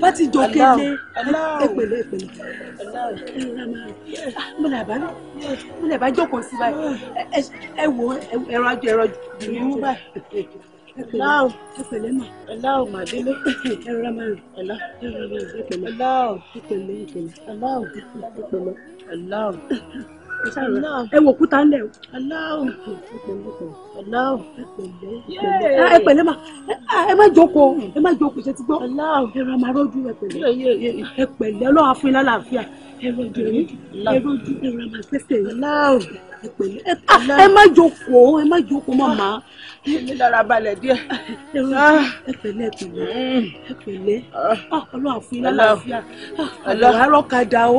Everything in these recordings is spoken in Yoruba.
bá ti jọ kéde èpèlè èpèlè múlẹ̀bá múlẹ̀bá jókòó sí báyìí ẹ wo ẹ̀rọ ajọ ẹ̀rọ jùlọ báyìí ẹ̀pẹ̀lẹ́ ẹ̀pẹ̀lẹ́ mà ẹ̀láò màdélé ẹ̀rọ márùn ẹ̀lá ẹ̀rọ márùn ẹ̀pẹ̀lẹ́ ẹ̀láò ẹ̀pẹ̀lẹ́ ẹ̀pẹ̀lẹ́ ẹ̀láò ẹ̀pẹ̀lẹ́ ẹ̀láò ẹ wò òkúta ńlẹ̀ o. aláwọ̀ aláwọ̀ ẹ̀pẹ̀lẹ́ ẹ̀pẹ̀lẹ́ ma ẹ má jókòó ẹ má jókòó ṣe ti gbọ́ aláwọ̀ ẹ̀rọ amárọ́jú ẹ̀pẹ̀lẹ́ ẹ̀pẹ̀lẹ́ ọlọ́wà fún ilá làáfíà ẹ̀rọ ojú ẹ̀rọ ojú ẹ̀rọ amásẹ́sẹ̀ aláwọ̀ ẹ̀pẹ̀lẹ́ ẹ má jókòó ẹ má jókòó màmá. mi lára balẹ̀ díẹ̀. ẹ̀pẹ̀lẹ́ ah. ẹ̀pẹ̀lẹ́ mm. ẹ̀pẹ̀lẹ́ ah. ah, ọlọ́wà fún ilá làáfíà àlọ́ àrọ́kadà o.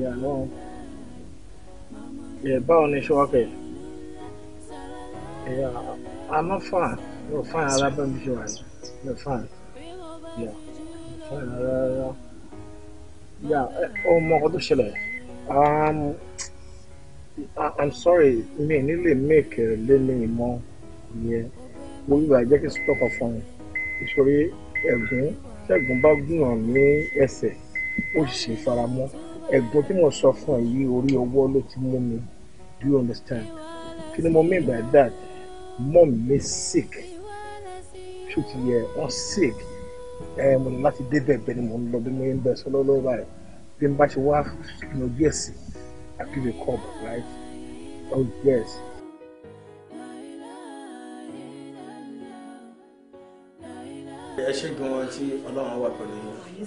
Yeah, no. Yeah, báwo ni ṣe wá pẹ̀? Yeah, I'm a fan. No fan alábẹ́ mi ṣe wà ní. No fan. Yeah, fan alára. Yeah, ọmọ ọkọ tó ṣẹlẹ̀. Um, I, I'm sorry, mi ò ní lè make lé mi ìmọ̀ yẹn. Mo yíra jẹ́ kí n stop ọ̀fọ̀n. Ìṣòro ẹ̀gún ṣẹ́gun bá gùn hàn ní ẹsẹ̀ ó sì ṣe faramọ́ ẹ̀gbọ́n tí mo sọ fún ẹ yìí orí ọwọ́ ló ti mú mi do you understand kí ni mo mean by that mom mi sick ṣó ti yẹ wọ́n sick ẹ mo ní láti débẹ̀ bẹ́ẹ̀ ni mo ń lọ bí mo ń bẹ̀ sọ lọ́wọ́ báyìí bí n bá ṣe wá ìnà díẹ̀ i give a call right oh yes. ẹ ṣe gan-an tí ọlọ́run wà pẹ̀lú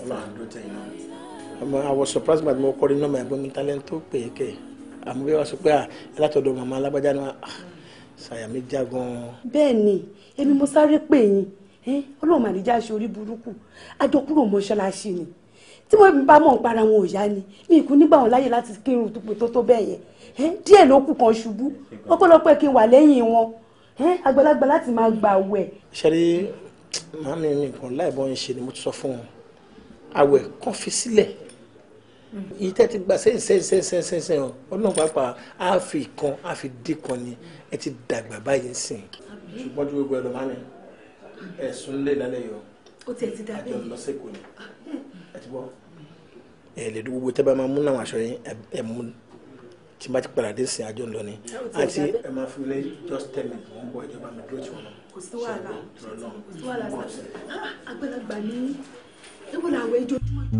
ọlọ́run dúró tẹ̀yìn náà. I was surprised by mo kọrin náà ẹ̀gbọ́n mi talent tó pè é kẹ àmọ́ bí wọ́n sọ pé ah, látọ̀dọ̀ màmá alágbájá náà ah, ṣàyà mi já gan-an. bẹ́ẹ̀ ni èmi mo sáré pè yín ọlọ́run màdíjà ṣe orí burúkú àjọkúrò mọ́ṣáláṣí ni tí mo bá mọ̀ para wọn ò yá ni mi kú nígbà wọn láyè láti kírun tupu tó tó bẹ́ẹ̀ yẹn díẹ̀ ló kù kan ṣubú ọpẹ́lọpẹ́ kí n wà lẹ́yìn wọn àgbàlagbà láti máa gbà wẹ̀. ṣeré màmí mi kan láìbọn ṣe ni mo ti sọ fún wọn àwẹ̀ kan sílẹ̀ ìtẹ́ ti gbà sẹ́yìn sẹ́yìn sẹ́yìn sẹ́yìn sẹ́yìn ọlọ́run pàápàá á fi kan á fi dín kan ni ẹ ti dàgbà báyìí sìn. ṣùgbọ́n tí gbogbo ẹlòmá ni ẹ̀sùn lè lálẹ́ yọ àjọ lọ́sẹ̀kọ̀ ni ẹ ti bọ́. ẹ lè dúró gbogbo tẹ́ bá máa mú náà aṣọ yín ẹ mú tí bá ti padà dé sìn àjọ lọ ni àti ẹ máa fi lé just ten minutes wọn bọ ìjọba mi dúró tí wọn náà kò sí wàhálà kò sí wàhálà ah, àgbàlagbà ni ewu làwọn ẹjọ tí wọn tó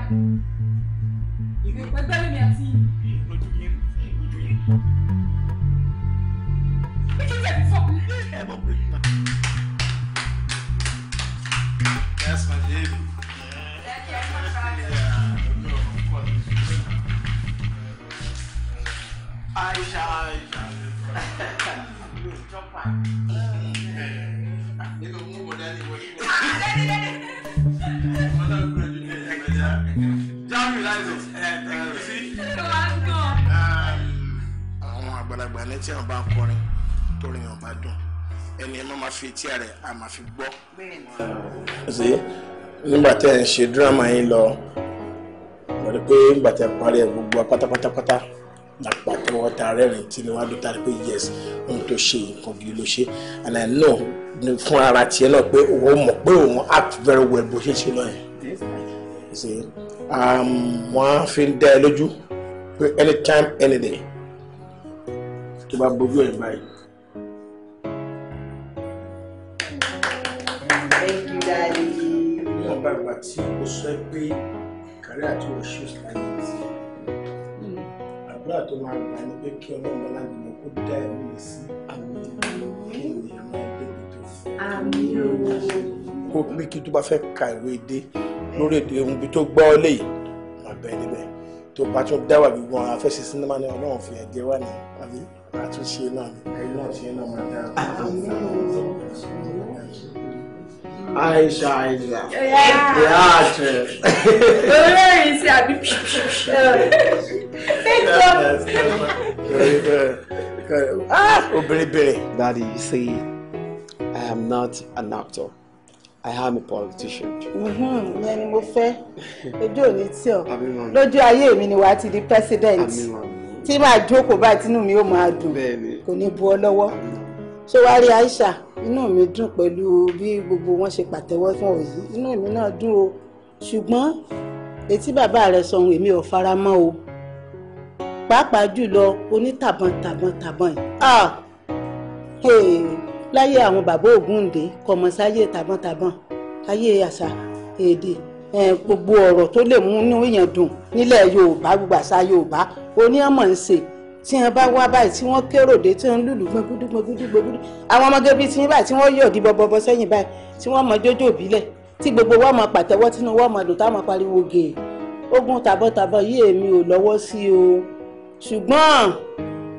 pẹ̀gbẹ́ lèmi àti ojú yín ojú yín. bí kí n tẹ̀ fọ́. ẹ tí wọn bá ń kọrin tó rìn wọn bá dùn ẹni ẹ máa fi etí rẹ a máa fi gbọ́. ṣe nígbà tẹ́ ẹ̀ ń ṣe dírámà yín lọ wọ́n pé nígbà tẹ́ ẹ̀ parí ẹ̀ gbogbo pátápátápátá lápá tí wọ́n ta rẹ́rìn tí ni wọ́n á dúró tàbí pé yes ohun tó ṣe nǹkan gidi ló ṣe and I know fún ara tiẹ̀ náà pé òun mọ̀ pé òun act very well bó ṣe ṣe lọ yẹn ṣe um, wọ́n á fi dá ẹ lójú pé anytime any day tó bá bójú ẹ̀ báyìí. thank you daddy. níwọ̀n bá ìgbà tí o sọ ẹ pé kàrí àti òṣù láyé ti àdúrà tó máa gbà ní pé kí ọlọ́run bá láti mọ̀ kó dá ẹ̀mí mi sí àmì kí ènìyàn máa dé ibi tó fún. àmì kó ní kí tó bá fẹ́ ka ìwé dé lórí èdè ohun ibi tó gbọ́ léyìí máa bẹ̀ níbẹ̀ tó bá tún dá wà gbogbo àwọn afẹ́sẹ̀ sinimá ní ọlọ́run fi ẹ̀jẹ̀ wà ní àbí àtúnṣe náà ni ẹ̀yin náà ṣe náà máa dára. Aisha Aisha ìyá àṣẹ. olórin sí àbí obìnrin bèrè. Daddy, you see, I am not an actor. I am a politician. Ìyẹn mm-hmm. ni mo fẹ́. Ojú ò ní tí ọ̀. Lójú ayé mi ni wàá ti di president. Àmín, tí màá jókòó báyìí tínú mi ó máa dùn kò ní bu ọ lọ́wọ́ ṣé wàá rí Aisha inú mi dùn pẹ̀lú bí gbogbo wọn ṣe pàtẹ́wọ́ fún ọ yìí inú mi náà dùn o ṣùgbọ́n etí bàbá rẹ sọ ohun èmi ò fara mọ́ o pàápàá jùlọ onítàbọn tàbọn tàbọn yìí láyé àwọn bàbá Ògúndé kọmọsáyé tàbọn tàbọn ayé àṣà èdè gbogbo ọ̀rọ̀ tó lè mú inú èèyàn dùn nílẹ̀ yorùbá gbogbo àṣà yorùbá oní ọmọ ń ṣe tí wọn bá wá báyìí tí wọn kéròdé tí wọn lùlù gbẹgúdú gbẹgúdú gbẹgúdú àwọn ọmọge bíi tiyín báyìí tí wọn yọ̀ di bọbọbọ sẹ́yìn báyìí tí wọn mọ jójó bílẹ̀ tí gbogbo wọn mọ pàtẹ́wọ́ tínú wọn mọ lò táwọn pariwo gè ogun tàbọ̀tàbọ̀ yìí èmi ò lọ́wọ́ sí o ṣùgbọ́n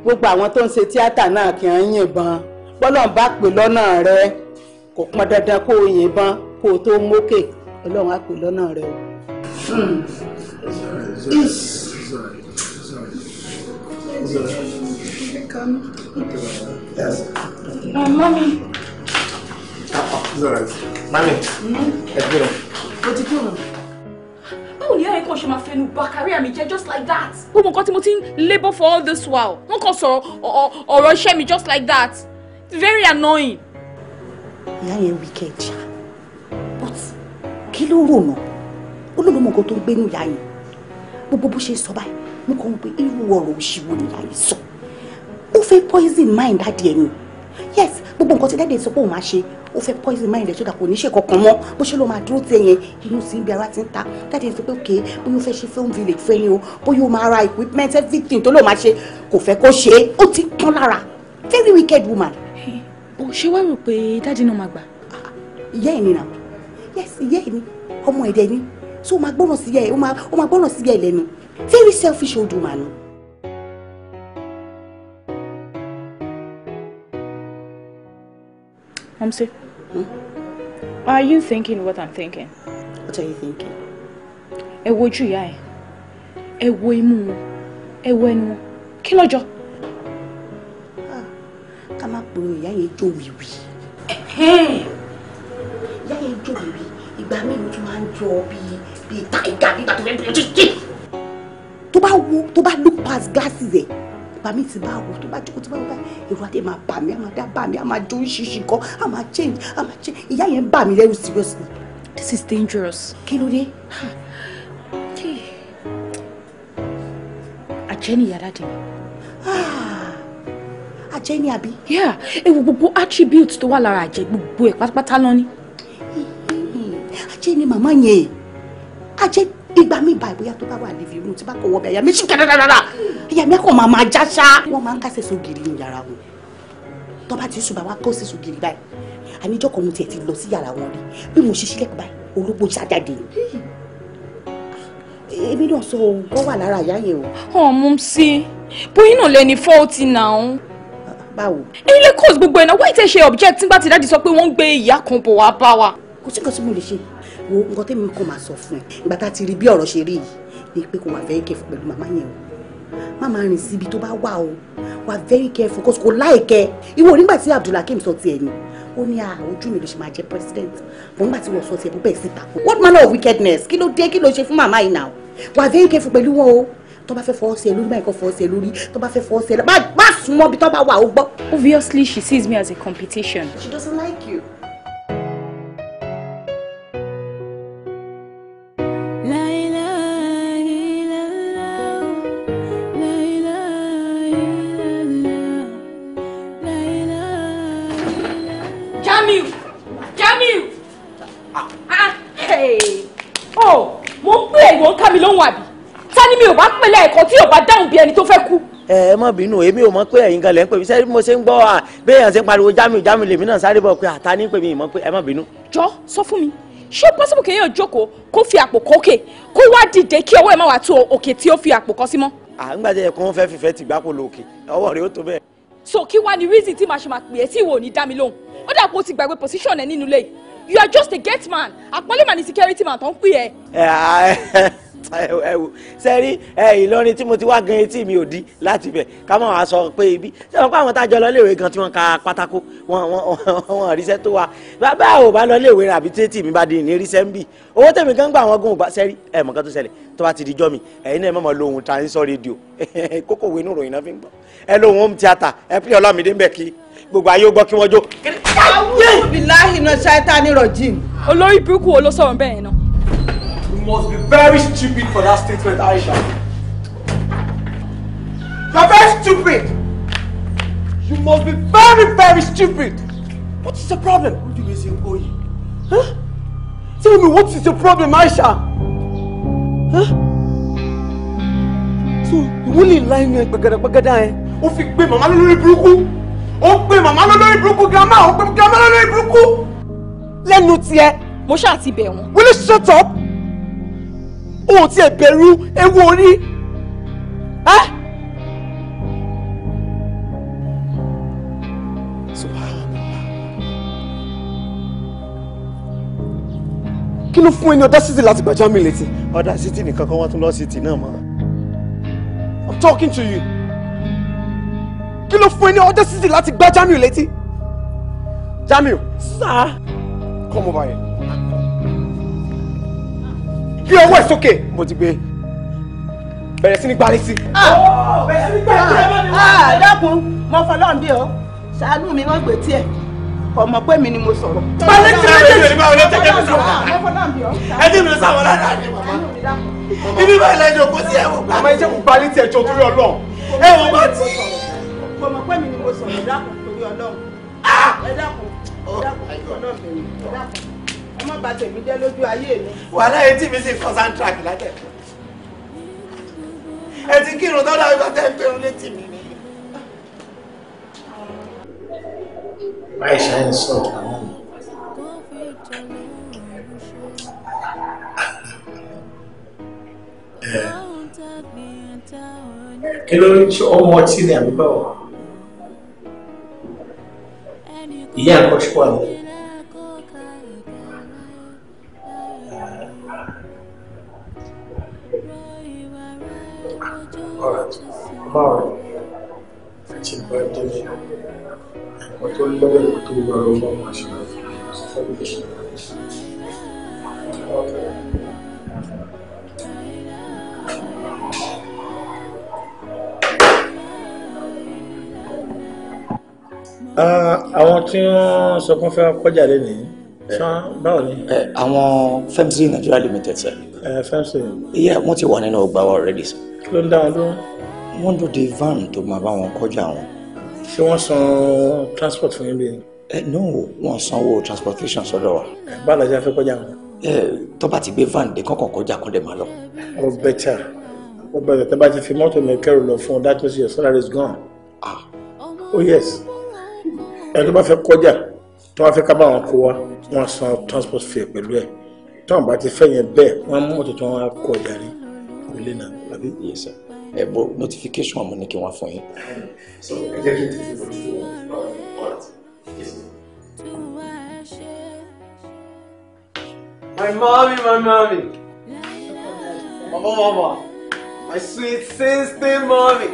gbogbo àwọn tó ń ṣe tíátà náà kì í yìnbọn bọ́lọ̀ ń bá pè lọ́nà rẹ kò pọn dandan kó o yìnbọn kó o tó mókè ọlọ́run á pè lọ́nà rẹ o. mami. mami ẹ gbé báwo ni ẹ̀rín ṣe máa fẹnu bà kárí àmì jẹ́ just like that. gbogbo nǹkan tí mo ti ń labour for all this while wọn kàn sọ ọ̀rọ̀ iṣẹ́ mi just like that very annoying. ìyá yẹn wicked but kí ló rò náà olóòlùmọ̀ nǹkan tó ń gbénu ìyá yẹn gbogbo bó ṣe sọ báyìí mo kàn ń pe irú ọ̀rọ̀ òṣìwò nìyá yìí sọ ó fẹ́ poison mind dáàdi ẹ̀yìn yes gbogbo nǹkan tí dáàdi sọ pé òun máa ṣe ó fẹ́ poison mind rẹ̀ sódà kò ní ṣe kankan mọ́ bó ṣe ló máa dúró tí ẹ̀yẹn inú sí ibi ara ti ń ta dáàdi sọ pé òkè bóyá ó fẹ́ ṣe film village fẹ́ ni o bóyá ó máa ra equipment everything tó ló máa ṣe kò fẹ́ kó ṣe ó ti tán lára very wicked woman. ò ṣe wá rò pé dáàdi náà máa gbà. ìyá ẹ̀ nìyà yes ìyá ẹ̀ ni ọmọ ẹ̀dẹ̀ ni so ó máa gbọ́ràn sí ìyá ẹ̀ ó máa gbọ́ràn sí ìyá lẹ́nu very selfish old woman ni. Hamsi, hmm? are you thinking what I'm thinking? What are you thinking? Ẹ wo ojú ìyá ẹ̀, ẹ wo imú wọn, ẹ wo ẹnu wọn, kí lọ́jọ́? Ah, ká má pòrò ìyá yẹn jó wìwì ìgbà yẹn jó bèbí ìgbà mélòó tó máa ń jọ bíi bíi táìgà nígbà tó fẹ́ bí ojú tó bá wo tó bá look past glasses ẹ̀ ìgbà mi ti bá wo tó bá jókòó tó bá wọ báyìí èrò àti máa bà mí á dá bà mí á jó oríṣiríṣi kan á change á change ìyá yẹn bà mí lẹ́rù seriously. this is dangerous. kí ló dé. àjẹ́ ni yàrá dì mí. àjẹ́ ah, ni àbí. ẹ wo gbogbo attributes tó wà lára àjẹ́ gbogbo ẹ̀ pátápátá lọ́ní ajé ni màmá yẹn ajé ìgbà mi bá ìbóyá tó bá wà níbi irun tí bá kọ wọbẹ àyà mi ṣì kẹdàdàdàdà àyà mi kàn máa máa já ṣá. wọ́n máa ń kásẹ̀ sógiri ní yàrá wọn tó bá ti sùn bàbá kó sì sógiri báyìí àmì ìjọkọ̀ ohun tiẹ̀ ti lọ sí yàrá wọn rí bí mo ṣe ṣílẹ̀kùn báyìí ológbò ṣàjáde èmi náà sọ ohun kọ́ wà lára àyà yẹn o. ọmọ sí bóyá náà lẹni fọ́ọ̀tì náà báwo. ẹ̀yin lè cause gbogbo ẹ̀ náà wọ́n ì wo nǹkan tẹ́mi kàn máa sọ fún ẹ ìgbà tá a ti rí bí ọ̀rọ̀ ṣe rí yìí ni pé kò wà very careful pẹ̀lú màmá yẹn o má máa rìn síbi tó bá wà o wà very careful cause kò láìkẹ́ ìwọ nígbà tí Abdulhakeem sọ tiẹ̀ ni ó ní àwùjọ ah, mi ló ṣe máa jẹ president bọ́n nígbà tí wọ́n sọ tiẹ̀ bó bẹ́ẹ̀ síta what manner of wickedness kí ló dé kí ló ṣe fún màmá yìí náà wà very careful pẹ̀lú wọn o tó bá fẹ́ fọwọ́ sí ẹ lórí báyìí kó fọwọ́ sí ẹ lórí tó bá fẹ́ fọwọ́ sí ẹ lórí má má súnmọ́ bí tó bá wà ó gbọ́. obviously she sees me as a competition. she doesn't like you. ẹ má bínú èmi ò mọ̀ pé ẹ̀yin gan lẹ ń pè mí sẹ́ni mo ṣe ń gbọ́ à bẹ́ẹ̀ yàn ṣe ń pariwo jámì jámì lèmi náà sáré bọ̀ pé àtà ní pè mí pé ẹ má bínú. jọ sọ fún mi ṣé possible kéèyàn jókòó kó fi àpò kókè kó wá dìde kí ọwọ́ ẹ̀ má wà tó òkè tí ó fi àpò kọ́ sí mọ́. à ń gbàdé ẹ̀kún fẹ́ fìfẹ́ tìgbà kò lò òkè ọwọ́ rẹ̀ ó tó bẹ́ẹ̀. so kí wàá ní reason tí màá ṣe máa pè é tí ìwọ ní dá mi lóhùn ó dàpọ̀ o ti gbàgbé position ẹ̀ nínú ilé you are just a gate man àpọ́nlé màá security man tó ń pè é. ẹwò sẹ́rí Ìlọrin tí mo ti wá gan etí mi ò di láti bẹ̀ ká má wàá sọ pé ibi ṣé wọn pé àwọn tá a jọ lọ léèwé gan tí wọn ka pátákó wọn wọn wọn ríṣẹ́ tó wa bàbá ò bá lọ léèwé rà àbí tètè mi bá di ìní ríṣẹ́ ń bì owó tèmi gan gbà wọn gún ògbà sẹ́rí ẹ̀ mọ̀ kan tó ṣẹlẹ̀ tó bá ti di jọ́ mi ẹ̀yin náà mọ̀ lóhun transistor radio kókò wo inú ròyìn náà fi ń gbọ́ ẹ lóhun home theatre ẹ pè ọlọ́mìdé ń bẹ̀ kí gbogbo ayé gbọ́ kí wọ́n jó. àwọn olùbíláhìn náà ṣáítánì rọ̀jìn. olórí burúkú wo ló sọ̀rọ̀ bẹ́ẹ̀ náà must be very stupid for that statement, Aisha. You're very stupid. You must be very, very stupid. What is the problem? What do you mean, Oyi? Huh? Tell me, what is the problem, Aisha? Huh? So, you only lying like bagada bagada, eh? Ó fi gbé màmá lórí burúkú. Ó gbé màmá lórí burúkú grandma, ó gbé grandma lórí burúkú. Lẹ́nu tiẹ̀. Mo ṣáà ti bẹ̀ wọ́n. Will you shut up? o ti ẹ̀ bẹ̀rù ewu orí ẹ́. kí ló fún ẹ ní audacity láti gbàjá mi létí. audacity nìkan kan wọ́n tún lọ city náà mọ́. I'm talking to you. kí ló fún ẹ ní audacity láti gbàjá mi létí. Jamiu. sá. come over here gbé ọwọ́ ẹ̀ sókè mo ti gbé bẹ̀rẹ̀ sí ní parí sí. Ah! bẹ̀rẹ̀ sí ní parí sí ẹ bá mi wá. dákun mo fọlọ́n bí o ṣàánú mi wọ́n gbé tiẹ̀ kò mọ̀ pé mi ni mo sọ̀rọ̀. balẹ̀ tí wọ́n lè máa wọlé jẹ́jẹ́ mi sọ̀rọ̀. ẹ ní mi lọ sáwọn lára mi màmá. ibi báyìí la jọ kó sí ẹ̀wọ̀n. màmá iṣẹ́ kò parí tiẹ̀ jọ torí ọlọ́run. ẹ̀wọ̀n bá ti. kò pé mi ni mo sọ̀rọ̀ dákun torí ọlọ́run. Ah! ẹ dákun ẹ dákun ọlọ́run bẹ̀rẹ̀ ẹ dákun kó má bà tèmi jẹ́ lójú ayé mi. wàhálà yẹn tí mi sì kọ́ soundtrack látẹ̀. ẹ ti kírun tó dáa ìgbàtẹ́ ń pẹ̀rún létí mi ni. Aisha ń sọ̀rọ̀ àwọn ọmọ. kí ló ń ṣe ọmọ ọtí ni àbí báwo ìyá àkọ́ṣe wà lẹ́yìn. All right. Báwo ẹ ti bá dé mi? Ẹ̀kọ́ tó ń lọ́wọ́ ẹ̀kọ́ tó wà lọ́wọ́ máa ṣe láti fọ́nù kí. Àwọn tí wọ́n sọ pé wọ́n fẹ́ kọjá lé nìyí, báwo ni? Eh, àwọn Femtry Nigeria Limited sẹ́yìn ẹ fẹ́ ṣe. iye wọn ti wà nínú ọgbà wa already sir. kí ló ń dá wọn dúró. wọ́n dùn de van tó máa bá wọn kọjá wọn. ṣé wọ́n san transport fún yín bí. ẹ eh, no wọ́n sanwó transportation sọ́dọ̀ wa. ẹ eh, bá lọ sí afẹ́ kọjá wọn. ẹ eh, tó bá ti gbé van dé kọ́kọ́ kọjá kó dẹ̀ máa lọ. ó oh, better ó oh, better tẹ́ bá ti fi mọ́tò mi kẹ́rù lọ fún un that means your salary is gone. ah oh yes ẹ tó bá fẹ́ kọjá tó bá fẹ́ ká bá wọn kó wa wọ́n san transport fee pẹ̀lú ẹ̀ táwọn bá ti fẹ́ yẹn bẹ́ẹ̀ wọ́n mú mọ́tò tí kọ jàre kò lè nà àbí. ẹ bọ notification àmọ́ ní kí wọ́n fún yín. My mommy, my mommy. Mama, mama. My sweet sister, mommy.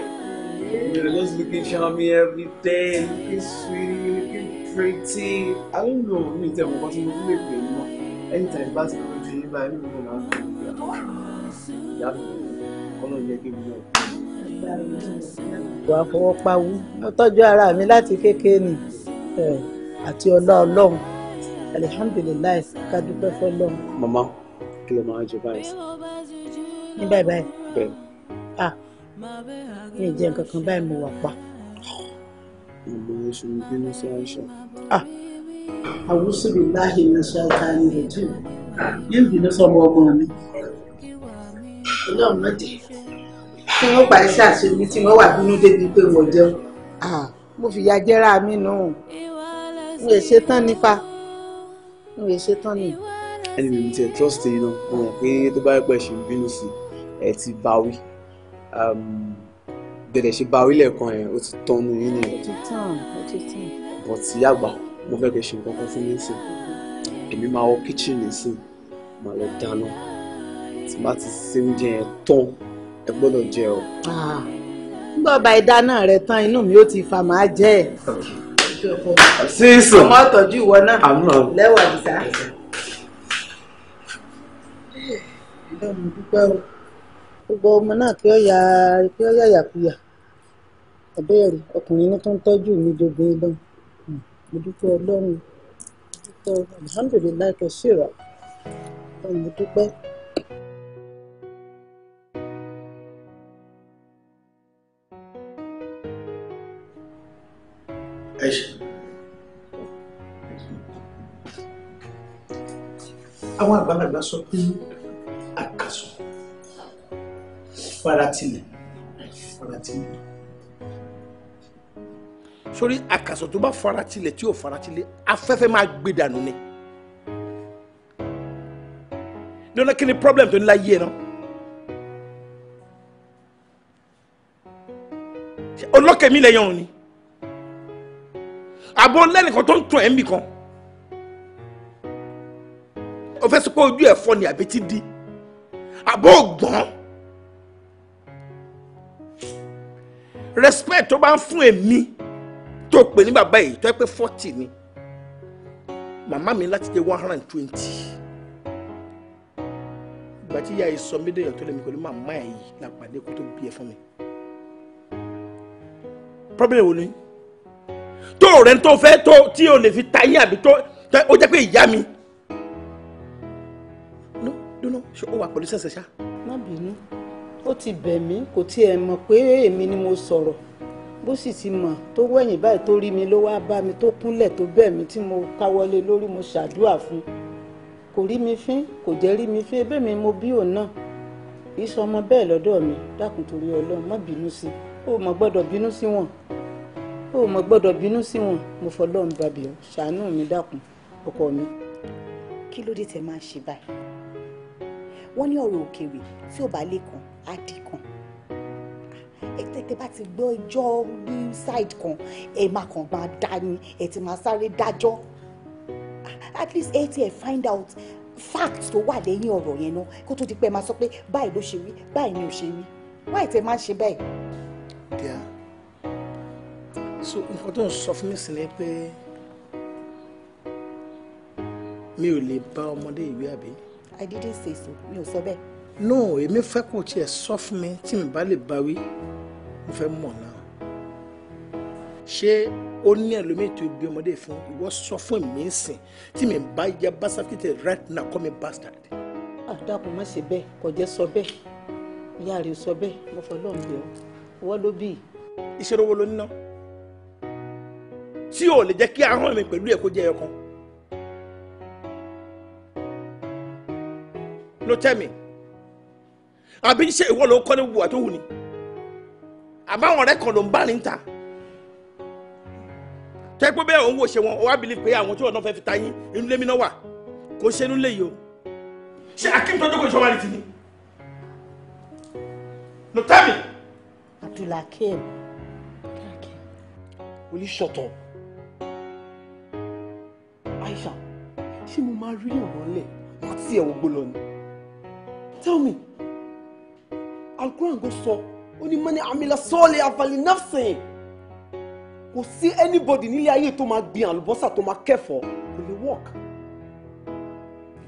You're just looking charming every day, looking sweet, looking pretty. I don't know, mi tẹ̀ mọ́ bá tí mo fi lè pè é mọ́ ẹ̀yìn tẹ̀lé bá ti kú ju yín báyìí nínú ìlú náà fún mi ìyá mi kọ́nà yẹ kí mi náà. wàá fọwọ́ pawú mo tọ́jú ara mi láti kékeré ni àti ọlá ọlọ́run alihamdulilayi ká dúpẹ́ fọlọ́run. màmá kí ló máa jẹ báyìí. ní báyìí báyìí. bẹ́ẹ̀. a mi ì jẹ nǹkan kan báyìí mo wà pa. màmá ẹ ṣe ń bínú sí àìsàn. ah àwùsù bíi láàyè ní ṣáájú àárín ìrètí yóò bínú sọmọ tí wọ́n parí sí àṣírí tí wọ́n wà bínú débi pé wọ́n jẹun. mo fìyà jẹ́ra mi nù n lè ṣe tán nípa n lè ṣe tán ni. ẹni mi ti ẹ trust yín náà mo mọ̀ pé tó bá pẹ́ ṣe ń bínú sí ẹ ti báwí um, bẹ̀rẹ̀ ṣe báwí lẹ́ẹ̀kan ẹ̀ ó ti tán nínú yín nìyẹn. ó ti tán ó ti tán. bọ̀tí àgbà mo fẹ́ kẹ́ ṣe nǹkan kan fún mi sìn èmi máa wọ kíchìnì sìn màá lọ dáná tí bá ti ṣe oúnjẹ yẹn tán ẹ gbọ́dọ̀ jẹ o. Ah, bàbá ìdáná rẹ tán inú mi ó ti fà máa jẹ ẹ. sísun ọmọ ọtọjú ìwọ náà lẹ́wà dìtà. gbogbo ọmọ náà kí ó yà kí ó yà yàkuyà ẹ̀bẹ́ẹ̀rẹ̀ ọkùnrin ní tó ń tọ́jú mi jogún ìdánwò mo dúpẹ́ ọlọ́run dúpẹ́ alhamdulilayi kẹsìrà mo dúpẹ́. ẹ ṣe. àwọn àgbàlagbà sọ pé àkàsọ̀ faratilẹ̀ faratilẹ̀ sórí àkàsọ̀ tó bá faratilẹ̀ tí ò faratilẹ̀ afẹ́fẹ́ máa gbé dànù ni lọ́nà kí ni problem tó ń láyé ẹ̀ náà olókè mi lẹ́yìn ọ̀run ni àbọ̀ lẹ́nìkan tó ń tún ẹ̀ ń bì kan o ojú ẹ̀ fọ́ ni àbí ti di àbọ̀ ògbọ́n respect tó bá ń fún èmi tó pè ní bàbá yìí tó yẹ pé forty ni màmá mi láti jẹ one hundred and twenty ìgbà tí ìyá yìí sọ mí dèèyàn tó lè mi pẹ̀lú màmá ẹ̀ yìí la pàdé kó tó bí ẹ fún mi problem wo ni tó rẹ̀ tó fẹ́ tó tí o lè fi ta yín àbí tó ó jẹ́ pé ìyá mi no dúnú ṣe ó wà pẹ̀lú sẹ̀sẹ̀ ṣá. má bínú ó ti bẹ̀ mí kò tiẹ̀ mọ̀ pé èmi ni mo sọ̀rọ̀ bó sì ti mọ̀ tó wẹ̀yìn báyìí tó rí mi ló wáá bá mi tó kúnlẹ̀ tó bẹ̀ mí tí mo káwọ́lé lórí mo ṣàdúrà fún kò rí mi fín kò jẹ́ rí mi fín bẹ́ẹ̀ mi mo bí òun náà kì í sọ ọmọ bẹ́ẹ̀ lọ́dọ̀ mi dákun torí ọlọ́run má bínú sí ó mọ̀ gbọ́dọ̀ bínú sí wọn ó mọ̀ gbọ́dọ̀ bínú sí wọn mo fọlọ́run bàbí o ṣàánú mi dákun ọkọ mi. kí ló dé tẹ máa ṣe báyìí wọ́n ní ọ̀rọ̀ òkèèrè tí ò bá lè kàn á dì kàn tẹ bá ti gbọ́ ẹjọ́ bí side kan ẹ máa kàn máa dá ni ẹ ti máa sáré dájọ́ at least ẹ find out fact tó wà lẹ́yìn ọ̀rọ̀ yẹn náà kó tó di pé ẹ máa sọ pé báyìí ló ṣe rí báyìí ni ò ṣe rí wáyé tẹ máa ń ṣe bẹ́ẹ̀. díà so nǹkan tó ń sọ fún mi sì ni pé mi ò lè bá ọmọdé ìwé àbí. I didn't say so mi ò sọ bẹ́ẹ̀. no èmi fẹ́ kó tiẹ̀ sọ fún mi tí mi bá lè bá wí mo fẹ́ mọ̀ náà ṣé ó ní ẹlòmíì tó bí ọmọdé fún ìwọ sọ fún mi ń sìn tí mi bá yẹ basafikite right now call me bastard. àdàpọ̀ ah, má ṣe bẹ́ẹ̀ kọjá sọ bẹ́ẹ̀ ìyá rẹ̀ sọ bẹ́ẹ̀ mo fọ́ lọ́n bí ọ wọ́n ló bí. ìṣòro wo ló ń ná tí ò lè jẹ́ kí ahọ́n mi pẹ̀lú ẹ̀ kó jẹ́ ẹ̀kan. no tell me àbí ṣe ìwọ ló kọ́ ní wùwà tó wù ni àbáwọn ọ̀rẹ́ kan ló ń bá ní ta tẹ́ pé bẹ́ẹ̀ òun wò ṣe wọn ó wá believe pé àwọn tí wọn náà fẹ́ fi ta yín inú lé mi náà wà kò ṣe inú lé yìí o ṣé akim tó dókòó ìṣọwọ́ àlejò ni no tell me. Abdulakim will you shut up Aisha ṣé mo máa rí ọ̀rọ̀ lẹ̀ wọ́n ti ẹ̀wọ̀n gbọ́ lọ ni tell me Alquran go sọ. So ó ní mọ́ni àmìlà sọ́ọ̀lì àfàlì nafsin kò sí anybody nílé ayé tó máa gbin àlùbọ́sà tó máa kẹ́fọ̀ọ́ kò lè work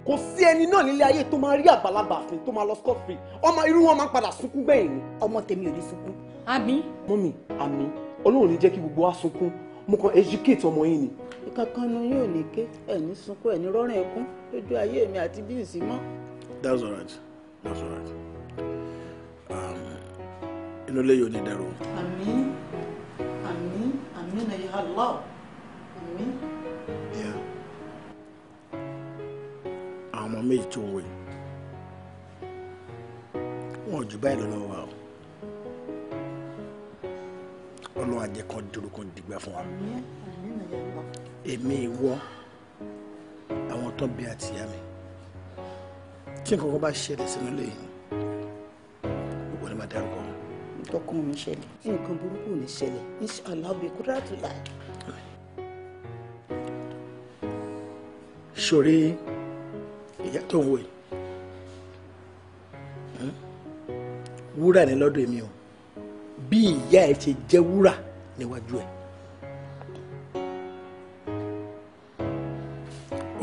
kò sí ẹni náà nílé ayé tó máa rí àgbàlagbà àfin tó máa lọ scot free ọmọ irú wọn máa ń padà sunkún gbẹ̀yìn ni. ọmọ tèmi ò ní sunkún. àmín. mọ́mì àmín ọlọ́run ní jẹ́ kí gbogbo wa sunkún mo kàn educate ọmọ yín ni. ìkankan nu yóò ní ké ẹ̀ní sunkún ẹ̀ní rọ́rùn ẹ̀kún lójú ayé mi àti bíyìí sí mọ́. that's all right that's all right inú ilé yìí ò ní dẹrù. àmín àmín àmín na ya Allah àmín. àwọn ọmọ méjì tó wẹ̀ wọn ò jù báyìí lọ́wọ́ wa o ọlọ́run àjẹ́ kan dúró kan dìgbà fún wa èmi ìwọ àwọn tó bí àti ìyá mi tí nǹkan kan bá ṣẹlẹ̀ sínú lẹ́yìn ìwọ ni màá dárúkọ tọkàn mi ṣẹlẹ̀ nǹkan burúkú ò ní ṣẹlẹ̀ inshallah bí kúrò àtúlá. sori ìyá tó ń wò yìí hmm? wúrà ni lọ́dọ̀ èmi o bí ìyá ẹ ti jẹ́ wúrà níwájú ẹ.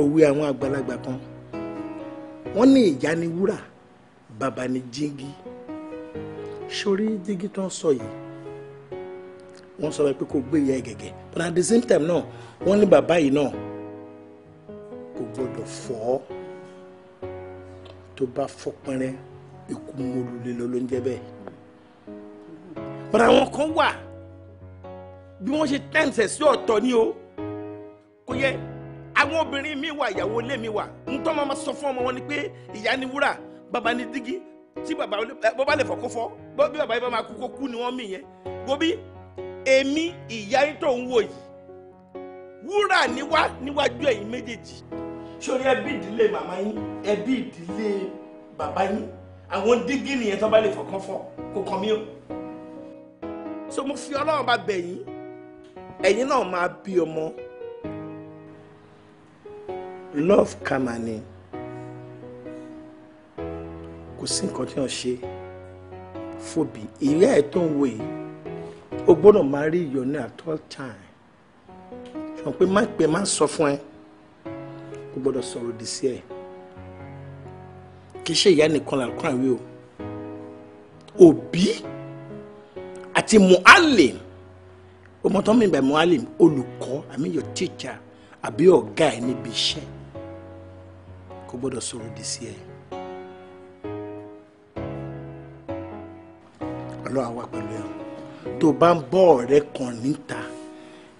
òwe àwọn àgbàlagbà kan wọ́n ní ìyá ni wúrà bàbá ni jíngí sórí dígí tó ń sọ yìí wọ́n sọ pé kò gbé ìyá ẹ̀ gẹ̀gẹ̀ but at the same time náà wọ́n ní bàbá yìí náà kò gbọ́dọ̀ fọ́ tó bá fọ́ pẹ́rẹ́ ikú mọ́lulẹ̀ ló ń but àwọn kan wà bí wọ́n ṣe tẹ̀sẹ̀ sí ọ̀tọ̀ ni o kò yẹ àwọn obìnrin mi wà ìyàwó ilé mi wà ń tọ́ máa sọ fún ọmọ wọn ni pé ìyá ni wúrà bàbá ni dígí tí bàbá bó bá lè fọkó fọ bí bàbá yìí bá máa kú kó kú ni wọ́n mì yẹn gobi èmi ìyá yín tó ń wò yìí wúrà níwá níwájú ẹ̀yin méjèèjì sórí ẹbí ìdílé màmá yín ẹbí ìdílé bàbá yín àwọn dígí nìyẹn tó bá lè fọkàn fọ kò kàn mí o so mo fi ọlọ́run bá bẹ̀ yín ẹ̀yin náà máa bí ọmọ love kamani sí nǹkan tí wọ́n ṣe fòbí ìyá ẹ̀ tó ń wò yìí ó gbọ́dọ̀ máa rí ìyọnu at all time ṣùgbọ́n pé má pè má sọ fún ẹ ó gbọ́dọ̀ sọ̀rọ̀ òdì sí ẹ̀ kì í ṣe ìyá nìkan làkúrà wí o òbí àti muhalim ọmọ tó ń bẹ muhalim olùkọ́ àmì your teacher àbí ọ̀gá ẹ̀ níbi iṣẹ́ kò gbọ́dọ̀ sọ̀rọ̀ òdì sí ẹ̀. ọlọ́run àwa pẹ̀lú ẹ̀ tó bá ń bọ́ ọ̀rẹ́ kan níta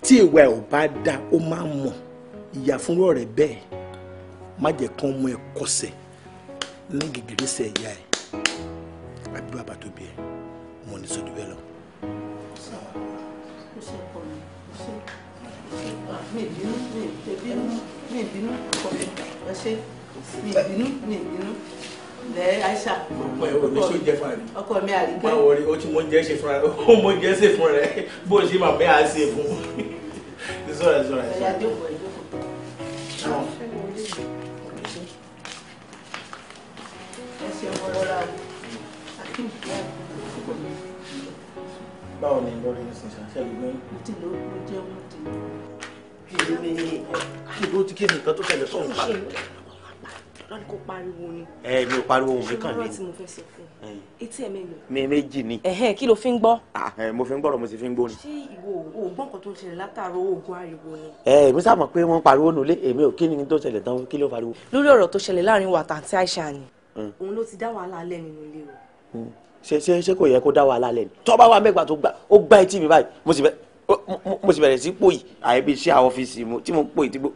tí ìwà ẹ̀ ò bá da ó máa ń mọ̀ ìyà fúnrú ọ̀rẹ́ bẹ́ẹ̀ má jẹ́ kán mú ẹ kọsẹ̀ ní gìgìrísẹ̀ ìyá ẹ̀ àbí bàbá tó bí ẹ mo ní sódì bẹ́ẹ̀ lọ. mi bínú mi bínú mi bínú mi bínú mi bínú ẹ aisha. ọkọ ẹ o ní sọ jẹ fún ẹ. ọkọ mi àríkẹ́. máa wọrí o ti mọ jẹ ṣe fún ẹ o mọ jẹ ṣe fún rẹ bó ṣe máa bẹ́ẹ̀ á ṣe fún un sọ̀rọ̀ sọ̀rọ̀ báwo ni lórí ẹsìn ṣàṣẹ́gun. mo ti lo mo mo ti lo. kí ló ní kí ló ti kí ni nǹkan tó ṣẹlẹ̀ sọ̀rọ̀ bá mi lọ́ni kò pariwo ni. ẹ mi ò pariwo mi kàn ní. ṣùgbọ́n tí mo fẹ́ sọ fún ẹ etí ẹ̀ mélòó. mi méjì ni. ẹhẹn kí ló fi ń gbọ́. mo fi ń gbọ́rọ̀ mo sì fi ń gbóni. ṣé ìwọ oògùn nǹkan tó ń ṣẹlẹ̀ látàárọ̀ oògùn ariwo ni. ẹ mi sáà mọ̀ pé wọ́n pariwo nulẹ̀ èmi ò kí ni tó ṣẹlẹ̀ tán kí ló pariwo. lórí ọ̀rọ̀ tó ṣẹlẹ̀ láàrin wa tàǹtí Aisha ni. òun ló ti dá wàhálà alẹ́ nínú ilé o. ṣe ṣe ṣe kò yẹ kó dá wàhálà alẹ́ ni tọ́ bá wà mẹ́gbàá tó gbà ó gbá etí mi báyìí mo sì bẹ̀rẹ̀ sí pòyì àyẹ̀bí iṣẹ́ àwọn ọ́fíìsì tí mo pòyì tí gbogbo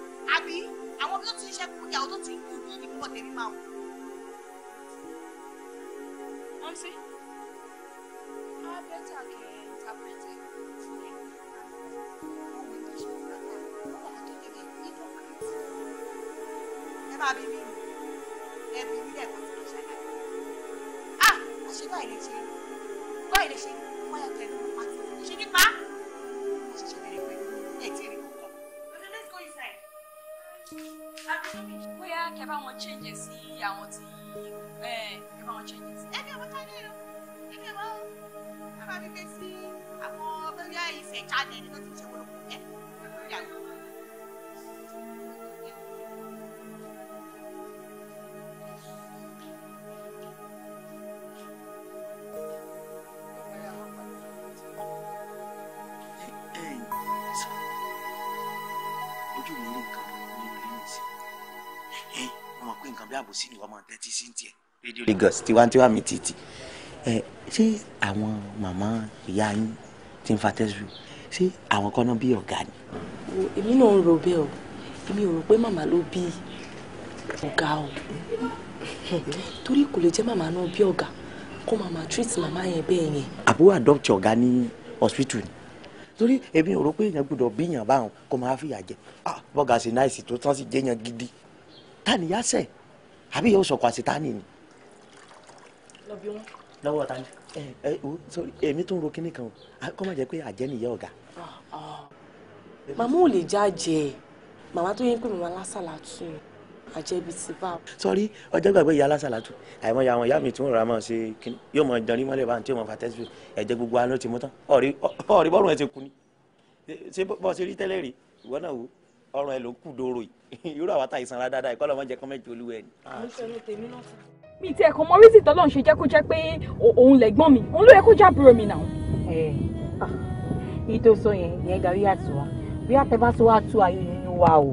àbí àwọn bí ó ti ń ṣe kú ìyàwó tó ti kú yìí ni tèmi máa wò. wọ́n sí. á bẹ́tà kẹ́ ẹ̀ tábìlẹ̀tì fún ẹ máa bí mi ẹ bí mi lẹ́ẹ̀kan sí ìṣẹ̀lẹ̀. a ah! àṣẹ báyìí lè ṣe báyìí lè ṣe wáyà tẹ̀lé pàtó ṣe nípa. kẹ́ bá wọn change sí àwọn tí kẹ́ bá wọn change sí. ẹgbẹ́ wọn tán lẹ́yìn ẹgbẹ́ wọn ẹ máa fi gbé sí àwọn bóyá ìfẹ́ jáde ní tó ti ṣe wọlé kù ẹ ìyàwó. àbòsí ni wọ́n máa tẹ́tí sí tiẹ̀. rédíò Lagos tiwantiwa mi títì ẹ ṣé àwọn màmá ìyá yín ti ń fa tẹ́sù ṣé àwọn kan náà bí ọ̀gá ni. èmi náà ń rò bẹ́ẹ̀ o èmi ò rò pé màmá ló bí ọ̀gá o torí kò lè jẹ́ màmá náà bí ọ̀gá kó màmá treat màmá yẹn bẹ́ẹ̀ yẹn. àbúrò adopt ọ̀gá ní hospital ni torí èmi ò rò pé èèyàn gbọ́dọ̀ bíyàn báwọn kó máa fìyà jẹ ah, bọ́gà sí náà sì tó tán sí jẹ́yàn gidi tàníyá sẹ́ẹ̀ àbí yóò sọkọ àṣetánì ni. lọ́bí wọn. lọ́wọ́ ta ẹ ẹ o sori èmi tún ro kinní kan o kọ́ má jẹ́ pé àjẹ́ nìyá ọ̀gá. Ah, ah. màmá ò lè já jẹ màmá tó yẹ pé màmá lásàlá tù àjẹbí ti bá. sọrí ọjọ́ gbàgbé ìyá lásàlá tù àìmọye àwọn ìyá mi tí wọ́n rà máa ṣe kíní yóò mọ jọrí mọ́lẹ̀ bá ń tí yóò mọ fà tẹ́sí ẹ̀jẹ̀ gbogbo aló ti mú tán ọ̀rí bọ́ọ̀rù ẹ̀ ti kú ni ṣé bọ́ọ̀ ọrùn ẹ ló kù dòrò yìí irú àwa ta ìsanra dáadáa ìkọlọ wọn jẹ kán mẹjọ olúwa ẹ ni. Ah, mi ti ẹ̀kọ́ mọ rísì tọ́lọ́ ṣe jẹ́ kó jẹ́ pé òun lẹ̀gbọ́n mi òun ló yẹ kó jábúrò mi náà. ẹ ẹ ah, tó sọ yẹn yẹn gàrí àtúwá bí àtẹ̀bá tó wá tu àyè nínú wa o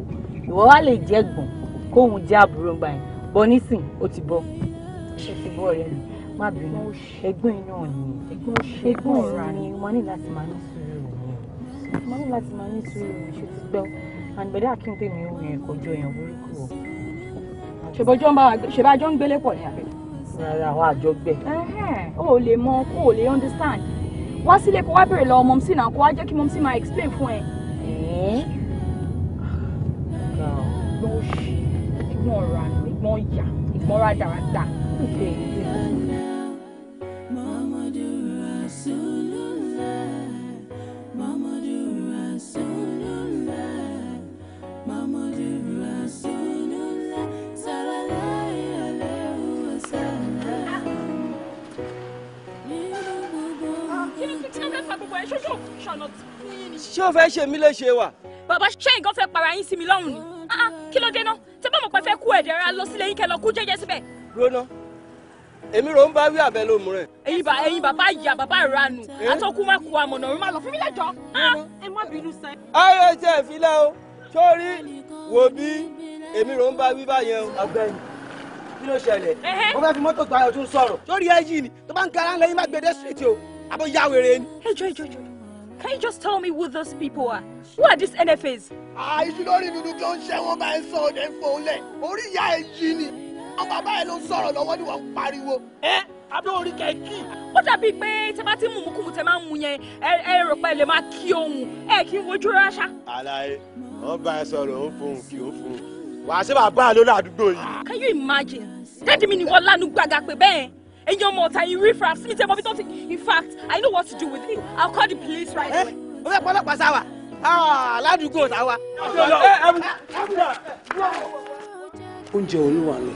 ìwọ wa lè jẹ́ gbọ̀n kóun jẹ́ àbúrò gbà yẹn bọ́ nísìn ó ti bọ́ ṣe ti bọ́ rẹ má bínú ẹ̀gbọ́n iná ni ẹ̀gbọ́n ọ̀ra ni ní láti máa ní sùúrù mo ní láti máa ní sùúrù ṣe ti gbọ́ àgbẹ̀dẹ akíntèmi ò yẹn kò jọ èèyàn burúkú o. ṣèbọjọ́ ń ń gbélé pọ̀ ní àgbẹ̀dẹ. rárá àwọn àjọ gbẹ. o lè mọ kó o lè understand wá sílé kó wá bèrè lọ ọmọ mọ́mísì náà kó wá jẹ́ kí mọ́mísì máa explain fún ẹ. ìgbọ́n òṣì ìgbọ́n ọ̀ràn ìgbọ́n ìyà ìgbọ́n rádaràda. ṣé o fẹ́ ṣe mí léṣe wa. bàbá ṣé nǹkan fẹ́ para yín sí mi lọ́rùn ni mm, ah, ah, mm. kí ló dé náà tí bá mọ̀ pé fẹ́ kú ẹ̀dẹ̀ ra lọ sílé yín kẹ́ lọ kú jẹ́jẹ́ síbẹ̀. rona èmi rò ń bá wí àbẹ lómù rẹ. ẹ̀yin bàbá ẹ̀yin bàbá ìyá bàbá ìranu àtọkùn má kú àmọ̀nà òun má lọ fún mi lẹ́jọ́. Ah. ẹ má bínú sẹ́. ayọ̀ ẹ̀jẹ̀ ìfilẹ̀ o sórí wò bí èmi rò ń bá wí báyẹn o. ọ̀gbẹ́ni kí ló ṣẹlẹ̀ mo fẹ́ fi mọ́tò gbà ẹ̀ tún sọ̀rọ̀. sórí ẹ̀yìn ni tó bá ń kara ń lẹ́yìn má gbẹdẹ́ street o àbọ̀ yá wèrè ni. ẹjọ́ ẹjọ́ ẹjọ́ Can you just tell me who those people are? Who are these NFAs? Ah, you dúdú tó ń ṣe wọn bá ń sọ ọdẹ ń fò lẹ orí ìyá ẹ yìí ni àwọn bàbá ẹ ló ń sọ̀rọ̀ lọ́wọ́ ni wọn ń pariwo. ẹ abẹ́ orí kẹ̀kí. ó dàbíi pé tẹ bá ti ń mú mukúmu tẹ máa ń mu yẹn ẹ rò pé lè máa kí ohun ẹ kí n wojú ráṣá. àlàyé wọn bá ẹ sọ̀rọ̀ ó fún Can you imagine? dádì mi ni wọ́n lánú gbàgà pé bẹ́ẹ̀ In your ọ̀tá yìí rí fraps mi tẹ́ But bí tó ti in fact I know what to do with you I'll call the police right eh? away. ó fẹ́ pọ́lọ́pàá sáwà aládùúgbò ah, sáwà. oúnjẹ olúwa ni.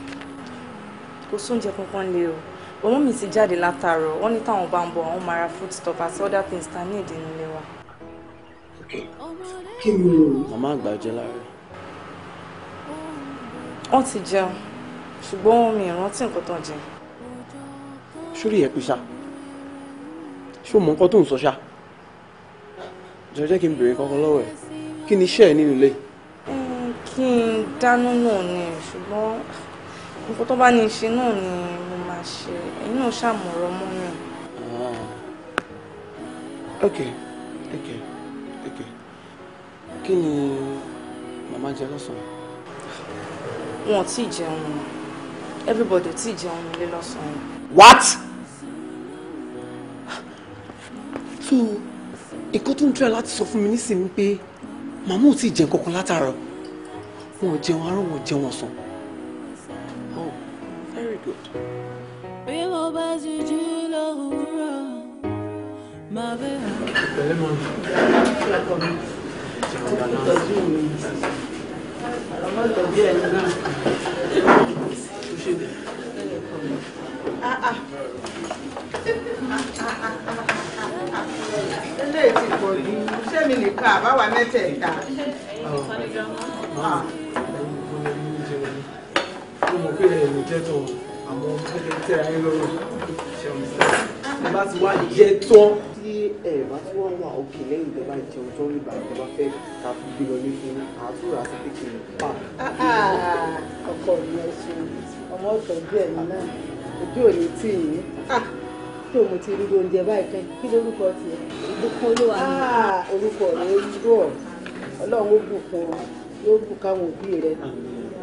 kò sóúnjẹ kankan lé o ọmọ mi ti jáde látàárọ̀ wọ́n ní táwọn bá ń bọ̀ àwọn máa ra food stuff àti other things ta ní èdè nílé wa. kí ni màmá àgbà jẹ lára rẹ. wọ́n ti jẹun ṣùgbọ́n mi ì nǹkan tán jẹun sórí ẹ̀ pé ṣá ṣó mọ nǹkan tó ń sọ ṣá jọ jẹ́ kí n bèrè kankan lọ́wọ́ ẹ̀ kí ni iṣẹ́ ẹ̀ nínú ilé. Hmm, kí n dáná náà ni ṣùgbọ́n nǹkan tó bá ní í ṣe náà ni mo máa ṣe ẹ̀yin náà ṣàmọ̀rọ̀ mọ́ mi. Ah. ok ok ok kí ni màmá jẹ lọ́sàn-án. wọn ò tí ì jẹun everybody ò tí ì jẹun nílé lọ́sàn-án what. so nǹkan tó ń tura láti sọ fún mi nísìnyí pé màmá ò tí ì jẹ nǹkan kan látàárọ̀ wọn ò jẹun arán wọn ò jẹun ọ̀sán. oh very good ilé ti pọ̀ jù sẹ́mi nìkan àbáwá mẹ́tẹ̀ẹ̀ta. mo mọ̀ pé ẹ̀rọ jẹ́ tán àmọ́ ẹ̀rọ tẹ́ ayé lọ́rọ̀ ṣẹ̀wọ̀n sí i láti wá jẹ́ tán. tí ẹ bá tí wọ́n wà òkè lẹ́yìn ìjọba ìjẹun tó rí ìbàdàn ìjọba fẹ́ ká fi gbé lọ ní fún àtúrò àti pékin pa. ọkọ mi ẹ ṣe ọmọ ọtọ bí ẹni náà ojú òní tì yín tí o ti rí oúnjẹ báyìí kẹ́ kí lórúkọ tiẹ̀. ìbùkún olúwa ni. orúkọ rẹ ó rú ọ ọlọ́run ó bùkún ọ yóò bù káwọn òbí rẹ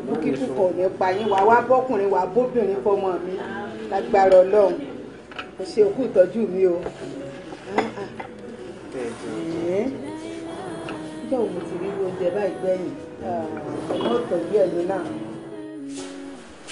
bùkíkùkọ̀ ò ní pa yín wàá wá bọ́kùnrin wàá bóbìnrin fọmọ mi lágbára ọlọ́run kò ṣe òkú ìtọ́jú mi o. nígbà wo ti rí oúnjẹ báyìí gbẹ̀yìn ọmọ ìtọ́jú ẹ̀yin náà.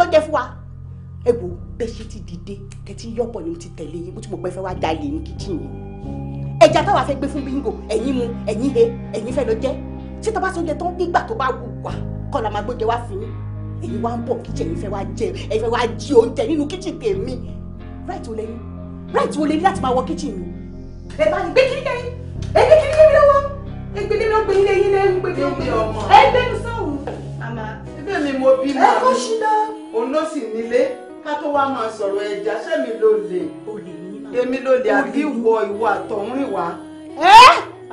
sọ́jẹ́ fún wa ẹ bẹ́ ṣe ti dìde tẹ́tí yọ̀pọ̀ ni mo ti tẹ̀lé yín mo ti mọ̀ pé fẹ́ wá jalè ní kíchìn yìí ẹja táwa fẹ́ gbé fún bíngò ẹ̀yin mu ẹ̀yin he ẹ̀yin fẹ́ lọ jẹ́ ṣé tọ́ bá sọ́jẹ́ tán nígbà tó bá wù wá kọ́ la máa gbóúnjẹ wá fún yín wá ń bọ̀ kíchìn ẹ̀yin fẹ́ wá jẹ ẹ̀yin fẹ́ wá jí oúnjẹ nínú kíchìn tèmi right wo lẹ́yìn right wo lẹ́yìn láti máa wọ kíchìn mi ẹ bá ní gbé kiri kẹyìn ẹ gbé kiri kẹyìn lọ́wọ́ òun ló sì nílé ká tó wá máa sọ̀rọ̀ ẹja sẹ́mi ló lè èmi ló lè àbí wọ ìwọ àtọ̀húnrìn wá. ẹ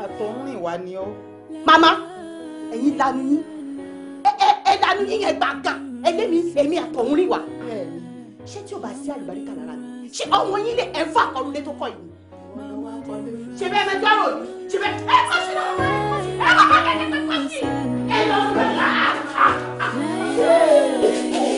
àtọ̀húnrìn wá ni ọ. màmá ẹ̀yin lanu yín ẹ lanu yín yẹn gbàgà ẹlẹ́mi èmi àtọ̀húnrìn wá. ṣé tí o bá sí àlùbáríkà lára mi ṣé ọmọ yín lè ẹ fún àkọlùlé tó kọ yìí. ṣe bẹ́ẹ̀ mẹ́jọ́ rò ní ṣe bẹ́ẹ̀ ẹ kọ́ sí lọ́wọ́ ẹ kọ́ kọ́ kẹ́kẹ́ kọ́ sí ẹ lọ́wọ́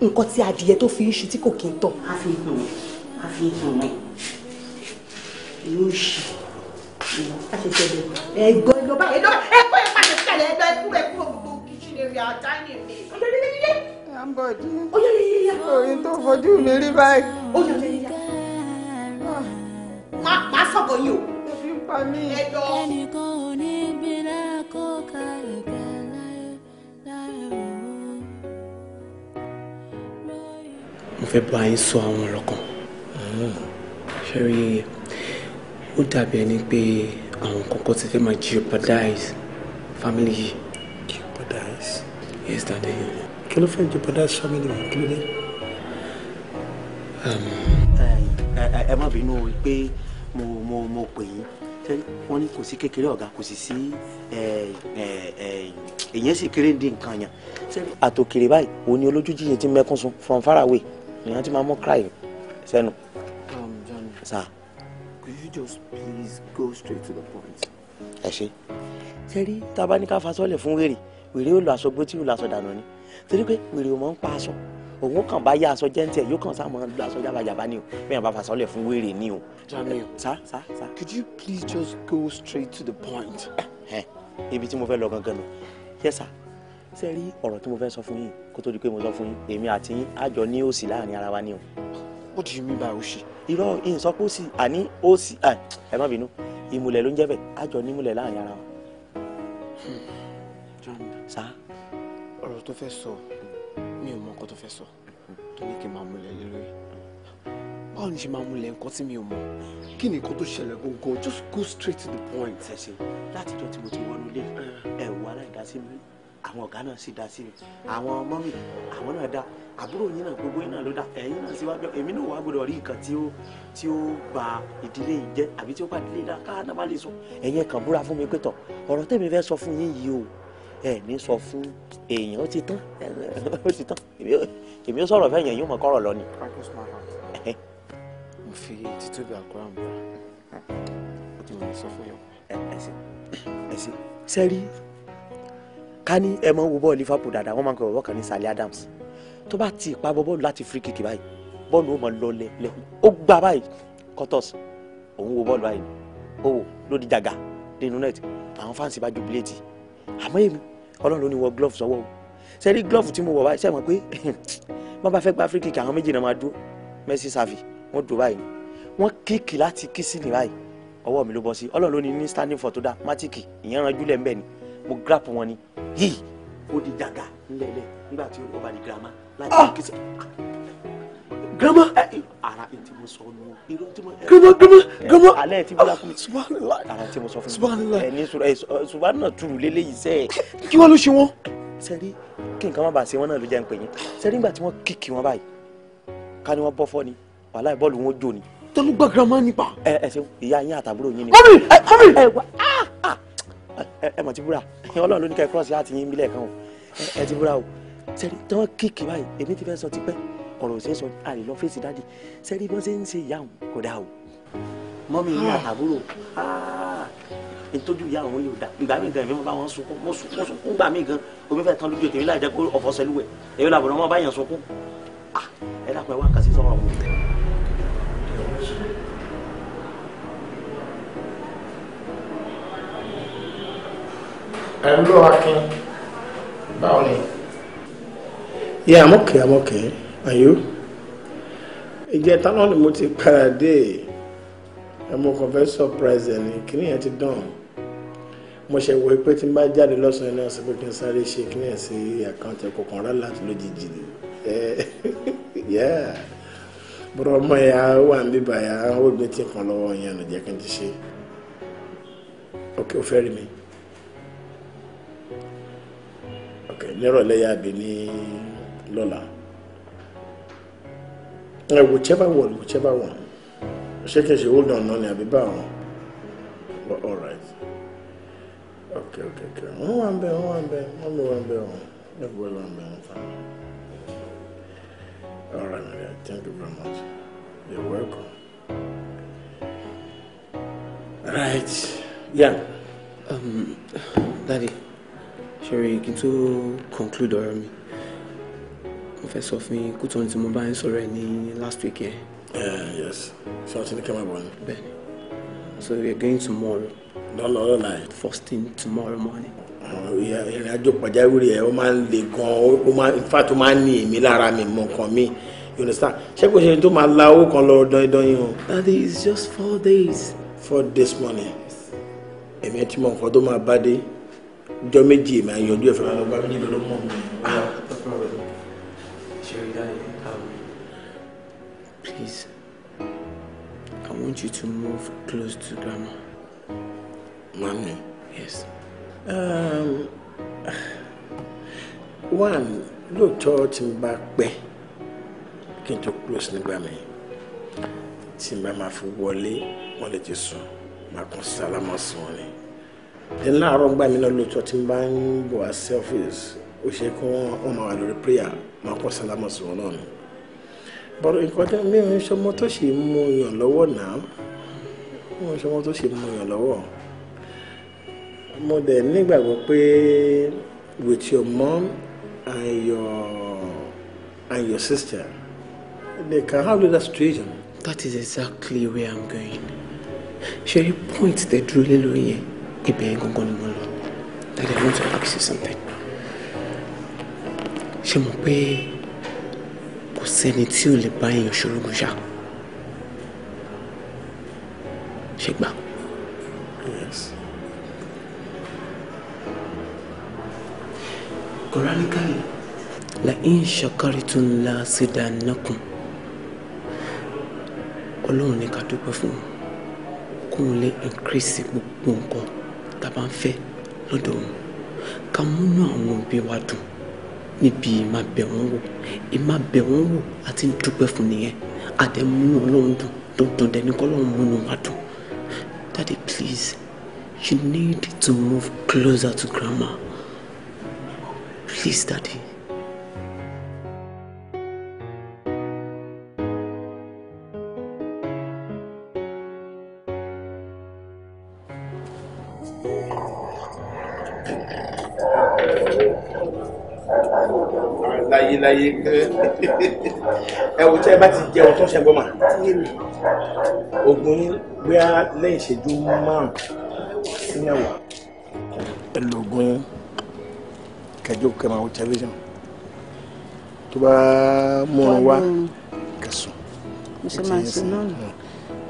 nǹkan tí adìyẹ tó fi ń ṣu tí kò kí ń tọ̀. a fi hàn wọn a fi hàn wọn ìlú ṣì a ṣe ṣẹlẹ̀ ẹgbọ ìlú ọba ẹlọ ẹgbọ ìpàdé sílẹ̀ ẹgbẹ ẹkú ẹkú gbogbo kìchìn èrè àdáyé mi. ambọ̀dí orin tó fojú mi rí báyìí. má sọ̀bọ̀ yìí o. ẹ̀dọ̀. fẹ́ bá yín sọ àwọn ọ̀rọ̀ kan hmm. ṣẹ́rí ó dàbí ẹni pé àwọn kọ̀ọ̀kan ti fẹ́ máa jeopardize family yìí. jeopardize. yes daddy. kí ló fẹ́ jeopardize family yìí kí ló dé. Um, ẹ má bínú pé mo mo mo pè yín wọ́n ní kò sí kékeré ọ̀gá kò sì sí èyàn sì kéré dín nǹkan yẹn àtòkèrè báyìí òun ni olójú jíjìn ti mẹ́kún sun from far away èèyàn ti máa mú cry sẹ́nu. sir. could you just please go straight to the point. ẹ ṣe sẹ́rí tá a bá ní ká fa sọ́ọ̀lẹ̀ fún wèrè wèrè ó lọ aṣọ bó tí ó lọ aṣọ dànù ni torí pé wèrè ò mọ̀ ń pa aṣọ òun kàn bá yá aṣọ jẹ́ntì ẹ̀ yóò kàn sáà mọ̀ ń lọ aṣọ jábàjábá ni o bẹ́ẹ̀ bá fa sọ́ọ̀lẹ̀ fún wèrè ni o. Jamiu sa sa sa. could you please just go straight to the point. ibi tí mo fẹ́ lọ gangan nù yes sir ṣe rí ọ̀rọ̀ tí mo fẹ́ sọ fún yín kó tó di pé mo sọ fún yín èmi àti yín àjọ ní òsì láàrin ara wa ni o. ó ti mi bá òsì. irọ́ ìsọ àní òsì ẹ má bínú ìmùlẹ̀ ló ń jẹ́ àjọ ní ìmùlẹ̀ láàrin ara wa. Hmm, sá. ọ̀rọ̀ tó fẹ́ sọ mi ò mọ nǹkan tó fẹ́ sọ tó ní kí n máa múlẹ̀ lé lórí báwo ni ṣe máa múlẹ̀ nǹkan tí mi ò mọ̀ kí ni nǹkan tó ṣẹlẹ̀ gbọ̀ngàn just go straight to the point. ṣẹ̀ṣẹ̀ láti jọ́ tí mo ti wọnú ilé eh. ẹ̀wọ̀ aláìdásí mi àwọn ọ̀gá náà sì dá sí mi àwọn mọ́mì àwọn náà dá àbúrò yín náà gbogbo yín náà ló dá ẹ̀yin náà síwájú èmi náà wàá gbọdọ̀ rí nǹkan tí ó tí ó ba ìdílé yìí jẹ́ àbí tí ó bá ìdílé dáa káà náà má lè sọ ẹ̀yin kàn búra fún mi pé tọ̀ ọ̀rọ̀ tèmi fẹ́ sọ fún yín yìí o ẹ̀ ní sọ fún èèyàn ó ti tán ó ti tán èmi ó sọ̀rọ̀ fẹ́ yẹn yóò mọ̀ kọ́rọ̀ lọ ni. Kani ní ẹ mọ wo bọ́ọ̀lù Liverpool dáadáa wọ́n máa ń pè ọ̀rọ̀ kan ní Sally Adams tó bá ti pa bọ́ bọ́ọ̀lù láti free kick báyìí bọ́ọ̀lù ó mọ lọ lẹ́lẹ́ ó gbá báyìí Curtis òun wo bọ́ọ̀lù báyìí ó wò lódì jàgà nínú net àwọn fáǹsì bá jubilate àmọ́ èmi ọlọ́run ló ní wọ glove sọ́wọ́ o sẹ́rí glove tí mo wọ̀ báyìí sẹ́mọ̀ pé wọ́n bá fẹ́ gba free kick àwọn méjì náà máa dúró Messi Xavi wọ́n dúró báyìí wọ́n kíìkì láti kí sí ní báyìí ọwọ́ mi ló bọ́ sí ọlọ́run ló ní ní standing for tó dá mátìkì ìyẹn ranjú lẹ́ńbẹ́ ni mo grab wọn ni yìí ó di dàgà ńlẹ̀lẹ̀ nígbà tí ó bá di girama láti ah! kìsẹ̀ girama eh, eh. ara tí mo sọ nù irú tí mo. girama girama eh, girama alẹ́ tí mo sọ fún mi ara tí mo sọ fún mi ẹni ṣùgbọ́n náà tùrù lélẹ́yìí sẹ́ẹ̀. kí wọ́n ló ṣe wọ́n. sẹ́rí kí nǹkan má bàa ṣe wọ́n náà ló jẹ́ ń pè yín sẹ́rí nígbà tí wọ́n kíkì wọn báyìí ká ní wọ́n bọ́ fọ́ ni wàhálà bọ́ọ̀lù wọn jò ni. tẹlifà girama nípa. ẹ ẹ ṣe ìyá yín àtàbúrò yín ni. mọ́mí mọ́mí. ẹ wá ẹ mọ̀ ti búra ọlọ́run ló ní kẹ́ cross láti yín bílẹ̀ kan o ẹ ti búra o sẹ́ni tí wọ́n kíkì báyìí èmi ti fẹ́ sọ tipẹ́ ọ̀rọ̀ ò ṣe é sọ àlè lọ fèsì dáàdì sẹ́ni bí wọ́n ṣe ń ṣe ìyá òun kò dáa o mọ́mí ní àtàbúrò ah. ìtọ́jú ah. ìyá òun yóò dà ìgbà mí gan ìmọ̀ bá wọn sunkún mo sunkún sunkún gbà mí gan omi fẹ́ tán lójú ètò ìlà ìjẹ́ kó ọ̀fọ̀ sẹ́lúwẹ̀ èyí làbọ̀n ọmọ bá yàn sunkún ah. ẹ dàpọ̀ ẹ wá kà sí sọ́wọ́ Hello, Akin. Bowley. Yeah, I'm okay, I'm okay. Are you? Ìjẹta náà ni mo ti padà dé. Ẹ mo kàn fẹ́ surprise ẹ̀ ní kíní yẹn ti dán. Mo ṣe wo pé tí n bá jáde lọ́sàn-án náà sọ pé kí n sáré ṣe kíní ẹ̀ sí àkáǹtì ẹ̀kọ́ kan rárá láti lójijì ni. Bọ́dọ̀ ọmọ ẹ̀yà wà ń bíbà ẹ̀yà ó gbé tí kan lọ́wọ́ yẹn nù jẹ́ kí n ti ṣe. Okay, o fẹ́ rí mi. ok nírọ̀lẹ́ yá bi ní lọ́la ẹ whichever one whichever one ṣé kí n ṣe hold on náà ni àbí bá wọn all right ok ok ok wọ́n wà ń bẹ̀ wọ́n wà ń bẹ̀ wọ́n mi wà ń bẹ̀ wọ́n ẹ̀kọ́ wà ń bẹ̀ wọ́n fà mí all right my dear thank you very much you're welcome right yeah um, daddy ṣeré kí tó conclude ọ̀rọ̀ mi mo fẹ́ sọ fún yín kútó tí mo bá ń sọ̀rọ̀ ẹ̀ ní last week yẹn. Eh, yes ṣé ti ní kẹ́mọ̀ bọ̀ ni. bẹ́ẹ̀ni so we are going tomorrow. lọ́lọ́ lọ́la yẹn. first thing tomorrow morning. ìrìn àjò pàjáwìrì ẹ̀ ó máa ń le gan-an ó máa in fact ó máa ń ní èmi lára mi mọ̀ nǹkan mi you understand ṣé kò ṣe tó máa la owó kan lọ dandan yìí o. that is just four days. four days morning èmi ẹ ti mọ nǹkan tó máa bá dé jọ méjì èmi àyànjú ẹ̀fẹ̀ máa gba Please, I want you to move close to grandma. Mommy? Yes. Um, one, lóòótọ́ tí n back, pẹ́ kí n close to Grandma. tí n bá máa fi wọlé wọ́n lè ti sùn máa kún then láàárọ̀ gbà mí náà lóòótọ́ tí n bá ń bọ̀ wá sí ọ́fíìsì ó ṣe kí wọ́n máa prayer máa kọ́ sálámà sí wọn náà ni bọ́dọ̀ nǹkan tí mi ò ń ṣọmọ tó ṣe mú yàn lọ́wọ́ náà mi ò ń ṣọmọ tó ṣe mú yàn lọ́wọ́ mo dẹ̀ nígbàgbọ́ pé with your mom and your and your sister they can handle that situation. that is exactly where i'm going ṣe rí point tẹ dúró lé lórí ibẹ̀ gangan ni mo lọ that I want to ask you something ṣe mọ̀ pé kò sẹ́ni tí ò lè bá èèyàn ṣòrogun ṣá ṣe gbà. Yes. Quranically. La in shakartum la zidannakum. Ọlọ́run ní ká dúpẹ́ fún un. Kóun lè increase gbogbo nǹkan tá a bá ń fẹ́ lọ́dọ̀ wọn ká múnú àwọn òbí wa dùn níbi ìmá bẹ̀ wọ́n wò ìmá bẹ̀ wọ́n wò àti dúpẹ́ fún nìyẹn àdẹ̀múnú ọlọ́run dùn dandan dẹni kọ́lọ́run múnú wa dùn daddy please you need to move closer to grandma please daddy. yín láyé ẹ wò tẹ́ ẹ bá ti jẹun tó ń ṣe gbọ́mà oògùn yín bóyá lẹ́yìn ìṣẹ́jú márùn-ún sí mẹ́wàá ẹ lo oògùn yín kẹjọ kẹ máa wo tẹlifíṣàn tó bá múra wá kẹsùn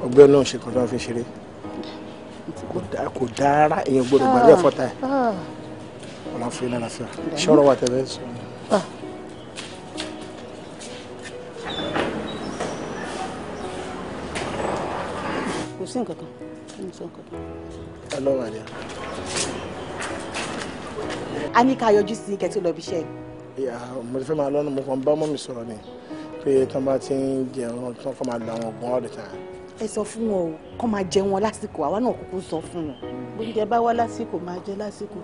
ọgbẹ́ náà ṣe kọjá fi ṣeré kò dára èèyàn gbọ́dọ̀ gbàgbé ah, ẹ̀fọ́ta ah. ẹ̀ ọ̀làfíà lálàáfíà ṣọ́rọ̀ wà tẹ̀lé sọ. Ah. sí nǹkan kan kí n sọ nǹkan kan. ẹ lọ́wọ́ àdìyà. a ní ká yọjú sí kẹtí lọ bí iṣẹ́ yìí. mo ti fẹ́ máa lọ́nu mo kàn bá ọmọ mi sọ̀rọ̀ ni pé tán bá ti ń jẹun tán kọ́ máa lo àwọn ọgbọ́n all the time. ẹ sọ fún wọn o kọ́ máa jẹ wọn lásìkò àwa náà kúkú sọ fún wọn. oúnjẹ bá wá lásìkò máa jẹ lásìkò.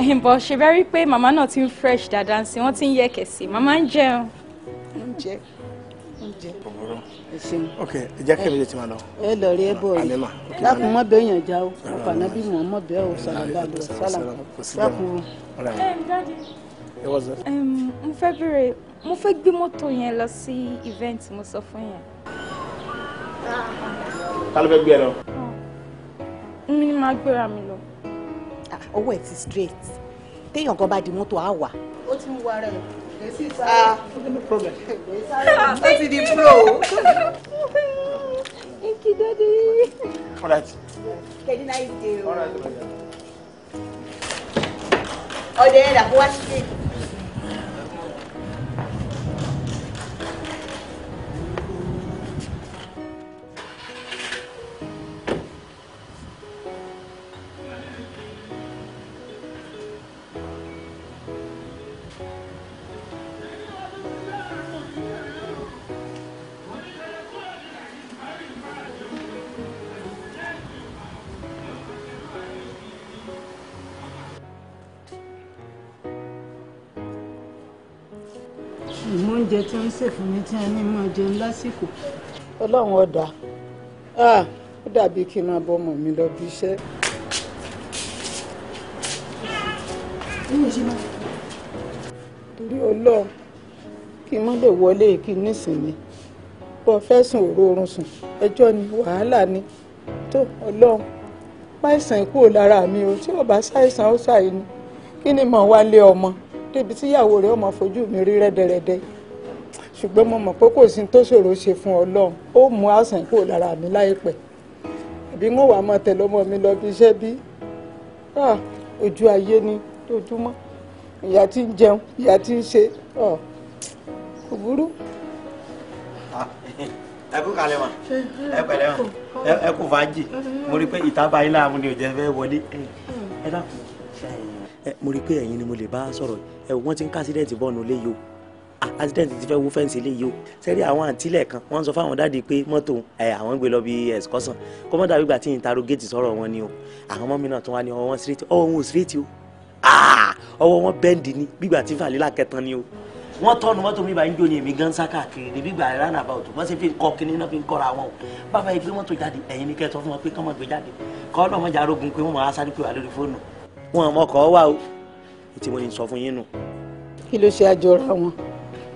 ẹ̀yin bọ̀ ṣe bẹ́ẹ̀ rí i pé màmá náà ti ń fresh dáadáa sí wọ́n ti ń yẹ̀kẹ̀ sí màmá ń jẹun. ń ok ìjà kẹ́mi lè ti máa lọ. ẹ lọ rí ẹ bọ yìí lákùn mọ bẹ yàn já o ọkànnà bí mọ mọ bẹ o sàlámù sàlámù sàkùrù. Um, um, mo fẹ́ bèrè mo fẹ́ gbé mọ́tò yẹn lọ sí event mo sọ fún yẹn. ta ló fẹ́ gbé ẹ lọ. mi ni màá gbéra mi lọ. owó ah, ẹ ti straight téèyàn kan bá di mọ́tò á wà. ó ti ń wá ara ẹ̀ ah no problem that is the pro. thank you daddy. all right. kẹ́ni náà yìí dé o. ọ̀dẹ̀ ẹ̀dá kó wá sí kéèkì. sè fún mi tí a ní mọ́ jẹun lásìkò. ọlọ́run ọ̀dà ó dàbí kí n máa bọ́mọ mi lọ bí iṣẹ́. torí ọlọ́run kí n má lè wọlé kí n nísìnyí bọ́ fẹ́sùn òróorun sùn ẹjọ́ ni wàhálà ni tó ọlọ́run páìsàn ikú ò lára mi o tí ò bá ṣàìsàn ó ṣàì ní kí ni mọ̀ wá lé ọmọ débi tíyàwó rẹ̀ ọmọ fojú mi rí rẹ́dẹ̀rẹ́dẹ́ ṣùgbọ́n mo mọ̀ pé kò sí tó ṣòro ṣe fún ọlọ́run ó mú àṣà kúrò lára mi láìpẹ́ àbí wọn wàá máa tẹ̀lé ọmọ mi lọ bí iṣẹ́ bí ah, ojú ayé ni lójúmọ́ ìyá tí ń jẹun ìyá tí ń ṣe ah, kò burú. Ah, ẹ kú kalẹ̀ mọ̀ ẹ pẹ̀lẹ́ mọ̀ ẹ kú fàájì mm-hmm. mo rí i pé ìtaba ilé àwọn ni òjẹ́ fẹ́ wọlé ẹ mm. dákun. mo rí i pé ẹ̀yin ni mo lè bá sọ̀rọ̀ ẹ̀ wọ́n ti ń kásídẹ̀ẹ̀tì bọ́ọ̀nù léyìí o accident ti fẹ́ wó fẹ́ǹsì eléyìí o sẹ́rí àwọn àǹtílẹ̀ kan wọ́n sọ fáwọn dáàdi pé mọ́tò àwọn gbé lọ bí excursion kọ́mọ́dà wígbà tí interrogate sọ̀rọ̀ wọn ni o àwọn mọ́mí náà tún wá ní ọwọ́ wọn síréètì ọwọ́ wọn ò síréètì o ah! ọwọ́ wọn bẹ́ǹdì ni gbígbà tí fàlílà kẹtàn ni o wọ́n tọ́nu mọ́tò mi báyìí ń jó ni èmi gan sá káàkiri níbi ìgbà ìlànà àbáwọ̀tò wọ́n sì fi kọ́ kínní náà fi ń kọ́ra wọn o bàbá yìí gbé mọ́tò jáde ẹ̀yin ni kẹ́tọ́ fún wọn pé kọ́mọ gbé jáde kọ́ lọ́mọ jà rogun pé wọ́n mọ̀ asáré pé wà lórí fóònù wọn mọ̀ kọ́ wà o ètí mo ní sọ fún yín nù. kí ló ṣe àjọra wọn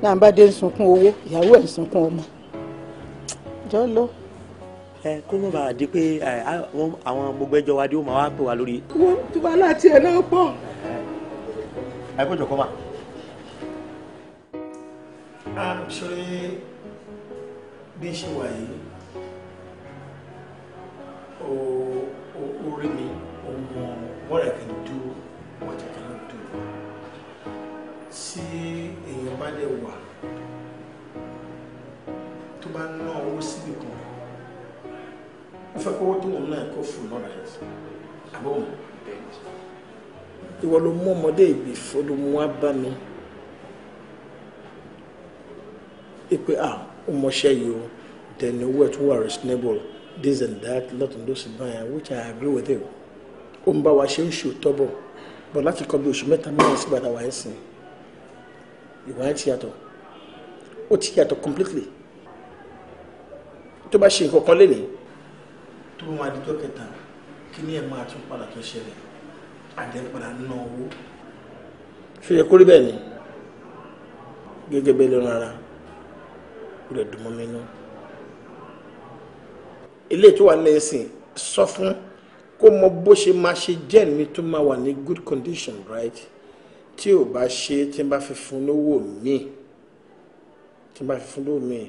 nàbàdé ń sunkún owó ìyàwó ẹ̀ ń sunkún ọmọ jọ lọ. ẹ kó mọ̀ bá a di pé àwọn gbogbo ẹjọ́ wa dé ó máa wá pè wá lórí. wọ́n ti wá láti ẹ̀ náà pọ̀. ẹ kó jọ kó máa. ṣeré bí ṣe wà yìí o rí mi o mọ what I can do what I can tí èèyàn bá dẹ̀ wà tó bá ná owó síbi kan ó fẹ́ kówó tó wọn náà kó fún lọ́ra ẹ̀ àbọ̀wọ̀n ìwọ ló mú ọmọdé ìgbè fún ló mú wá bá mi ipe a ó mọṣẹ́ yìí o then owó ẹ̀ tó wà reasonable this and that lọ́tún ló sì báyà which I agree with you ó ń bá wa ṣe ń ṣòótọ́ bọ̀ bọ̀ láti kọ́ bí oṣù mẹ́ta mẹ́rin sígbà tá a ìwà ẹ̀ ti yàtọ̀ ó ti yàtọ̀ completely tó bá ṣe nǹkan kan lénìí. tó bá máa di tó kẹta kí ni ẹ máa tún padà tó ṣẹlẹ̀ àdé padà ná owó. ṣe yẹ kó rí bẹ́ẹ̀ ni gẹ́gẹ́ bẹ́ẹ̀ lọ́nà ara ó lè dùn mọ́ mi nú. ilé tó wà nílẹ̀ sìn sọ fún kó mọ bó ṣe máa ṣe jẹ́ mi tó máa wà ní good condition right tí ò bá ṣe tí n bá fi fún lówó míì tí n bá fi fún lówó míì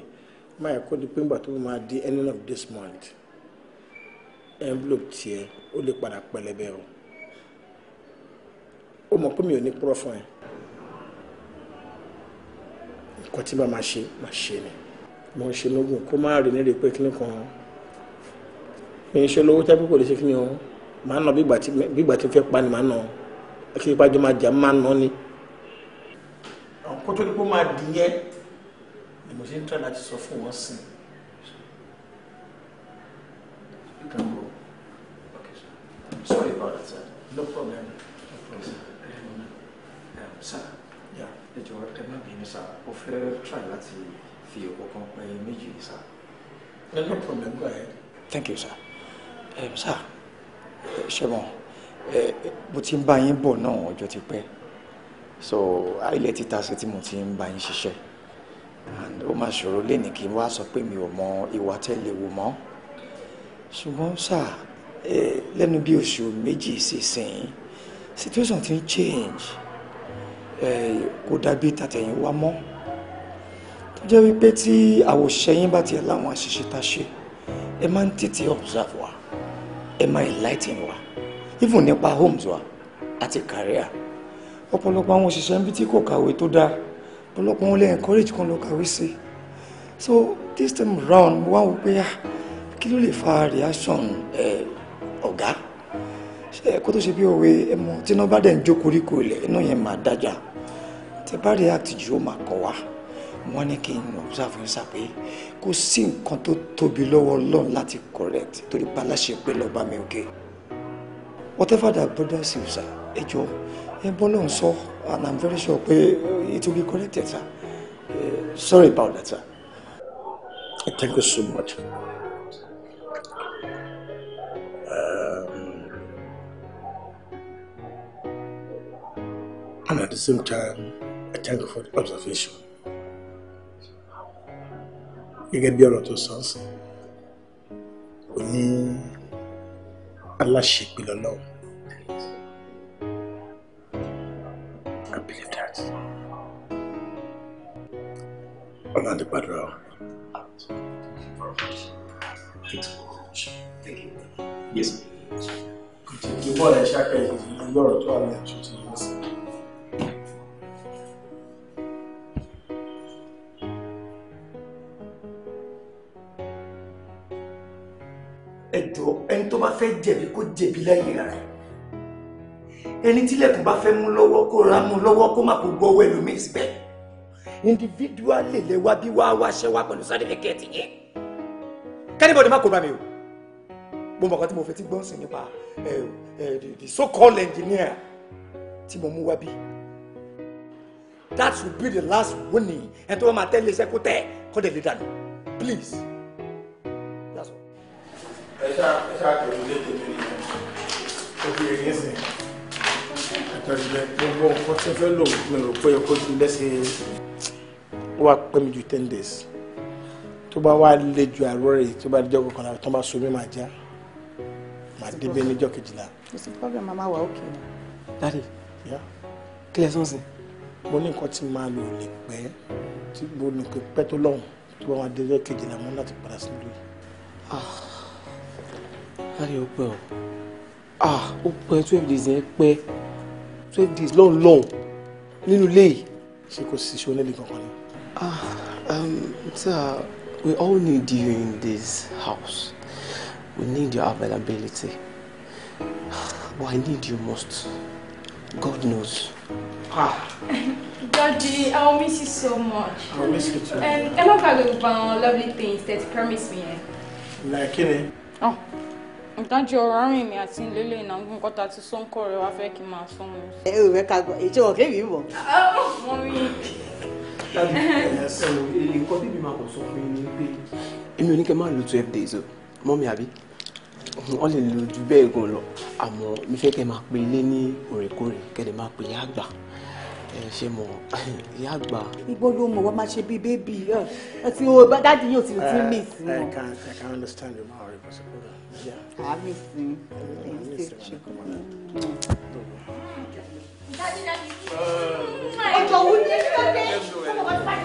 máa kó di pé ńgbà tó máa di end of this month envelope tiẹ̀ ó lè padà pẹlẹbẹ o ó mọ̀ pé mi ò ní púrọ̀ fún ẹ nǹkan tí bá máa ṣe máa ṣe ni mo ń ṣe lógún kó má rí ní rí pé kíní kan mi ń ṣe lówó tẹ́pẹ́ kò lè ṣe kíní o màá nà bí ìgbà tí fẹ́ pa ni màá nà o àti ìpàjọ máa jà máa nà ni. kótó ni kó máa di yẹn ni mo ṣe ń tọ́ láti sọ fún wọn sí i. Sorry about that, sir. No problem. No problem, sir. Um, sir. Yeah. Ẹ jọ̀ọ́ ẹ má bínú sá. Mo fẹ́ try láti fi ọkọ̀ kan pẹ́ méjì ní sá. No problem. Go ahead. Thank you, sir. Um, sir, ṣé mo. Bon mo ti ń bá yín bọ̀ náà ọjọ́ ti pẹ́ so ilé títa ṣe tí mo ti ń bá yín ṣiṣẹ́ and ó máa ṣòro léni kí n wá sọ pé mi ò mọ ìwà tẹ́lẹ̀ wò mọ́ ṣùgbọ́n sà lẹ́nu bí oṣù méjì sísìn situation ti ń change kò dàbí tàtẹ̀yìn wá mọ́ tó jẹ́ wípé tí àwòṣe yín bá tiẹ̀ láwọn àṣìṣe tá a ṣe ẹ máa ń tètè observe wa ẹ máa enlighten wa even nípa homes wa àti career ọ̀pọ̀lọpọ̀ àwọn òṣìṣẹ́ ń bí tí kò kàwé tó dáa ọ̀pọ̀lọpọ̀ wọn lè encourage kan lọ kàwé sí i so this time round mo wá wò pé ah kí ló lè fa reaction eh, ọ̀gá ṣe kó tó ṣe bí òwe ẹ mọ tí iná bá dẹ̀ ń jó koríko ilẹ̀ iná yẹn máa dájà tẹ bá react jù ó máa kọ wá wọn ní kí n observe ń sà pé kò sí nǹkan tó tóbi lọ́wọ́ ọlọ́run láti correct torí bá láṣẹ pé lọ́ọ́ bá mi òkè. Okay whatever that brother says sir ẹ jọ ẹ bọ́ lọ́n and i'm very sure pé it will be corrected sir uh, sorry about that sir. thank you so much. Um, and at the same time i thank you for the observation. gẹ́gẹ́ bí ọ̀rọ̀ tó sọ ọ́ sìn ó ní aláṣepé lọ́lọ́run believe that. Ọlọ́run ti gbàdúrà o. Ìjọba ọ̀rẹ́ ṣàkẹ́ ìlú ọ̀rọ̀ tó wà ní ẹ̀jú ti yẹ sí. Ẹ̀jọ̀ ẹni tó bá fẹ́ jẹ̀bi kó jẹ̀bi láyé rẹ̀ ẹni tílẹ̀kùn bá fẹ́ mú lọ́wọ́ kó ra mú lọ́wọ́ kó má kó gbọ́wọ́ ẹlòmíì síbẹ̀ individual lè wá bí wá wáṣẹ́ wá pẹ̀lú certificate yẹn kẹ́nìbọ̀dì má kó bá mi o mo mọ̀ kan tí mo fẹ́ ti gbọ́n sí nípa the so called engineer tí mo mú wá bí that will be the last warning ẹ tó wọ́n máa tẹ́lẹ̀ iṣẹ́ kó tẹ̀ kó dẹ̀ lè dànù please. ẹ ṣáà ẹ ṣáà kẹ̀lú lé tèmi nìyẹn òbí èyí sìn president gbogbo nǹkan tí n fẹ́ lò mi rò pé kó ju lẹ́sẹ̀ ó wà pẹ́ mi ju ten days tó bá wà lé ju àárọ̀ rẹ̀ tó bá jẹ́ kọkànlá tó bá so mi máa já máa débẹ̀ níjọ́ kejìlá. kò sí problem màmá wa òkè. dadi kílẹ̀ sọ́ọ̀sì. mo ní nǹkan tí màá lò lè pẹ́ tí mo ní kò pẹ́ tó lọ́hùn tó bá wà déjọ́ kejìlá mo láti padà sí lórí. Ah. dadi ó pẹ́ ah, ó pẹ́ twelve days yẹn pẹ́ twelve days lọ́hùn lọ́hùn nínú ilé yìí ṣé kò sí ṣó nílé kankan ni. ah um, sir we all need you in this house we need your availability but i need you most god knows. Ah. Daddy, I will miss you so much. I will miss you too. And Emma Bago, lovely things that you promised me. Eh? Like, you Oh ìdájọ́ ọ̀rọ̀ arìn mi àti ìlélẹ ìnáwó nǹkan tá a ti sọńkọ rẹ wá fẹ́ kí n máa sọ mọ. ẹ ò rẹ ká gbọ́ èyí tí wọn kì mo rí i. nǹkan bíbí máa kò sọ fún mi pé èmi ò ní kẹ́ máa lo twelve days o mọ́ mi àbí wọ́n lè lò ju bẹ́ẹ̀ gan lọ àmọ́ mi fẹ́ kẹ́ máa pe ilé ní òrèkóòrè kẹ́ máa pe ìyá àgbà ẹ ṣe mọ ìyá àgbà. igbó ló mọ wọn máa ṣe bíi bébì ẹ ti o dáàdi yóò ti ti mí sí wọn. I can I can understand your ma ọ̀rẹ́ àmì sí i ẹjọ́ wo ni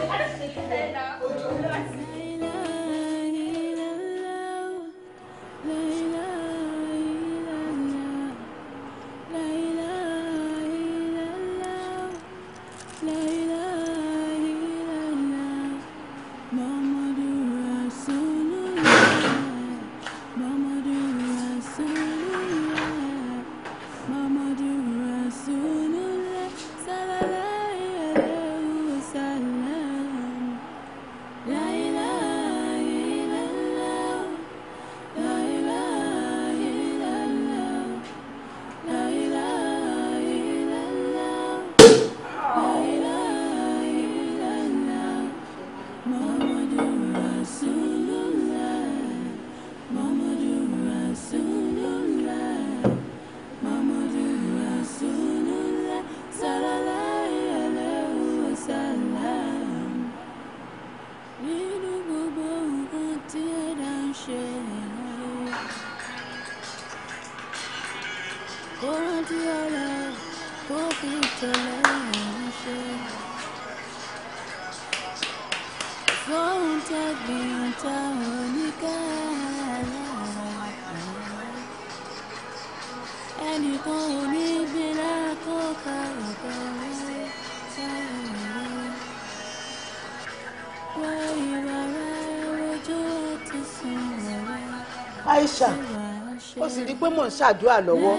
sì rí pé mò ń ṣàdúrà lọ́wọ́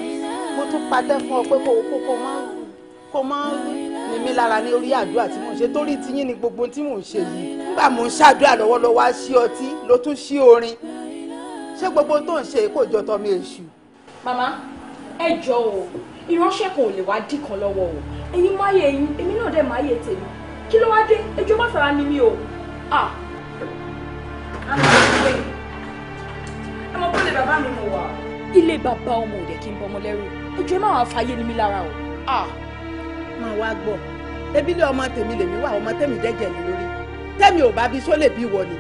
mo tún padà fún ọ pé kò kó kó má kó má ní mi lára ní orí àdúrà tí mò ń ṣe torí tiyín ni gbogbo tí mò ń ṣe yìí nígbà mò ń ṣàdúrà lọ́wọ́lọ́wọ́ á ṣí ọtí ló tún ṣí orin ṣé gbogbo tó ń ṣe kò jọ tọmọ èṣù. màmá ẹ jọ o ìránṣẹ́ kan ò lè wá dì kan lọ́wọ́ o ẹ̀yin máyé ẹ̀yin èmi náà dẹ̀ máyé tèmi kí ló wá dé ẹjọ́ má fara ni mi o ah ilé bàbá ọmọ òde kí n bọ́ ọmọ lẹ́rù ẹjọ́ ẹ má wàá fàyè ní mi lára o. máa wá gbọ́ ebi lé ọmọ tèmi lèmi wà ọmọ tèmi dẹ́jẹ̀ mi lórí tèmi ò bá bí só lè bí wọ ni.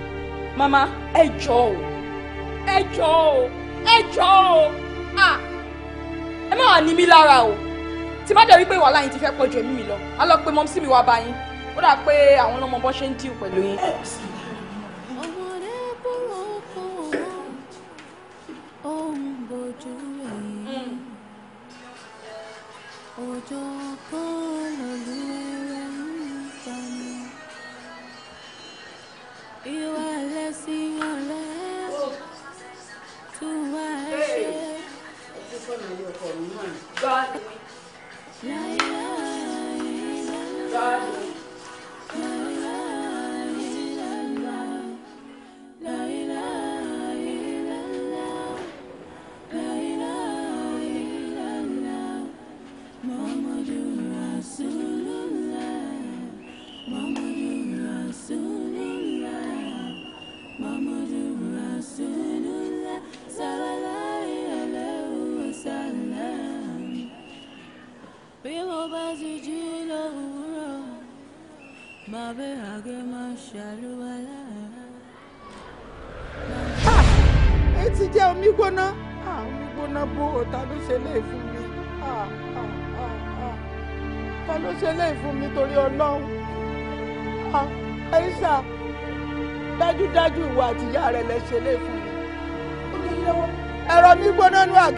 màmá ẹ jọ o ẹ jọ o ẹ jọ o ẹ má wàá ní mi lára o tí má dẹ̀ rí pé wàhálà yín ti fẹ́ pọ̀ ju èmi mi lọ á lọ pé mọ́mísí mi wá bá yín ó dà pé àwọn ọlọ́mọ bọ́ ṣe ń díù pẹ̀lú yín.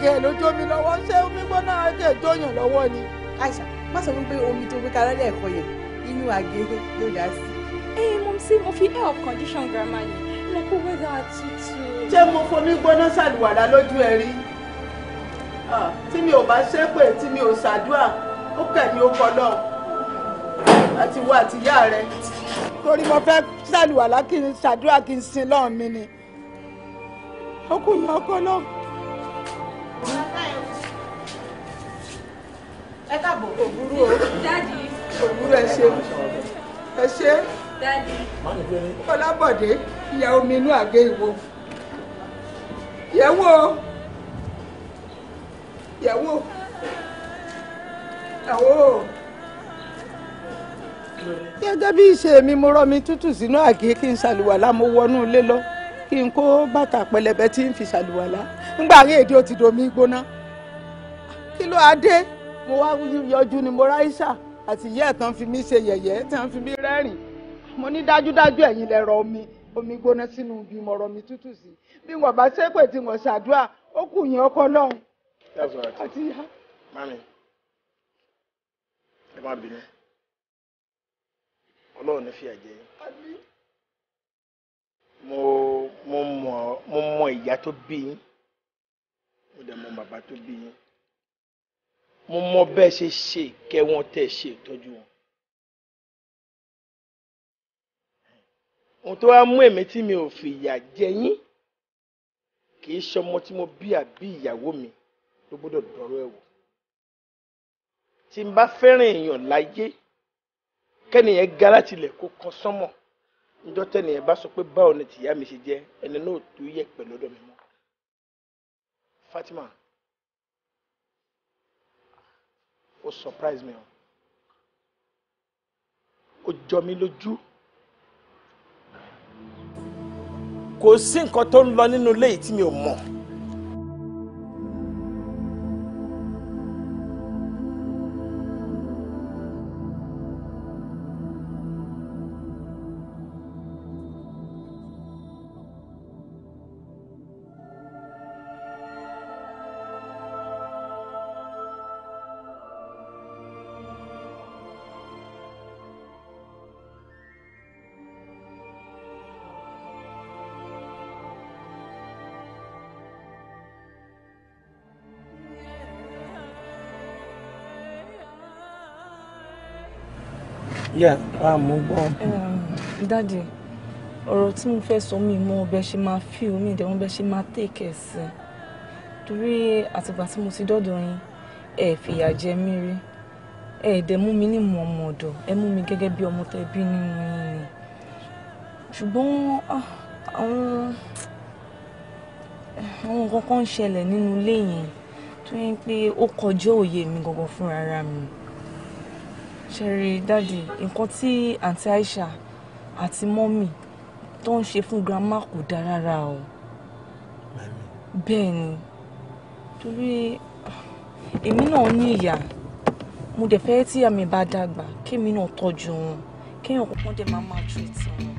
kẹ̀ ló jó mi lọ́wọ́ ṣé omi gbóná ẹ̀jẹ̀ jóyàn lọ́wọ́ ni. àìsàn má sọ wípé omi tó gbé kalẹ́ lẹ́ẹ̀kọ́ yẹn inú àgé ló dá sí. ẹ mo ṣe mo fi air condition grandma yìí lẹ́kọ́ wẹ́dà tútù. ṣé mo fomi gbóná ṣàlùwàlà lójú ẹ rí tí mi ò bá ṣépè tí mi ò ṣàdúrà ó kẹ̀yìn ó kọ́ náà àti wo àtìyá rẹ torí mo fẹ́ ṣàlùwàlá kí n ṣàdúrà kí n sin lọ́run mi ni ó ọkọ náà. ẹ káàbọ̀ kò burú omi inú àgé ìwo yẹ̀wò yẹ̀wò ẹ̀wò gẹ́gẹ́ bí ìṣe mi mo rọ́ mi tútù sínú àgé kí n ṣàlùwàlá mo wọnú ilé lọ kí n kó bàtà pẹlẹbẹ tí n fi ṣàlùwàlá ńgbà èdè ó ti domi gbóná kí ló mo wá yọjú ni mo ráìṣà àti ìyá ẹ̀ tán fi mí ṣe yẹ̀yẹ́ tán fi mí rẹ́rìn mo ní dájúdájú ẹ̀yin lẹ rọ omi omi gbóná sínú ibi mo rọ omi tútù sí bí wọn bá ṣépè tí wọn ṣàdúrà ó kù yín ọkọ lọ́hùn àti ìyá. mami ẹ má bínú ọlọ́run ní fìyà jẹ yín mo mo mọ ìyá tó bí yín mo dẹ̀ mọ bàbá tó bí yín mo mọ bẹ́ẹ̀ ṣe ṣe ìkẹ́ wọn tẹ̀ ṣe ìtọ́jú wọn. ohun tó wá mú èmi tí mi ò fìyà jẹ yín kì í ṣọmọ tí mo bí àbí ìyàwó mi ló gbọ́dọ̀ dọ̀rọ̀ ẹ̀ wò. tí n bá fẹ́ràn èèyàn láyé kẹ́nìyàn ga láti ilẹ̀ kó kan sánmọ̀ níjọ́ tẹ́nìyàn bá sọ pé báwo ni tìyá mi ṣe jẹ́ ẹni náà tó yẹ pẹ̀lú ọ̀dọ̀ mi mọ́. Fatima. ó surprise me? o ó jọ mí lójú kò sí nǹkan tó ń lọ nínú ilé yìí tí mi ò mọ̀. Yeah, a ah, mú gbọ́. Um, Dádì, ọ̀rọ̀ tí mo fẹ́ sọ mi mọ bẹ́ẹ̀ ṣe máa fi omi ìdẹ̀wọ̀n bẹ́ẹ̀ ṣe máa tèkẹ̀ sí. Torí àtìgbà tí mo ti dọ́dọ̀ yín, ẹ fìyà jẹ mí rí. Ẹ dẹ̀ mú mi ní mọ̀ ọmọ ọ̀dọ̀, ẹ mú mi gẹ́gẹ́ bí ọmọ tẹ bí nínú yín ni. Ṣùgbọ́n ah, àwọn àwọn nǹkan kan ń ṣẹlẹ̀ nínú ilé yẹn tó yẹn pé ó kọjá òye mi gangan fúnra mi. Sherry, dáàdì nǹkan tí àǹtí Aisha àti Mommy, tó ń ṣe fún grandma kò dáa rárá o bẹ́ẹ̀ ni torí èmi náà ní ìyá mo dẹ̀ fẹ́ tí àmì bá dàgbà kémi náà tọ́jú wọn kéèyàn kọ́kọ́ dẹ̀ máa máa treat wọn.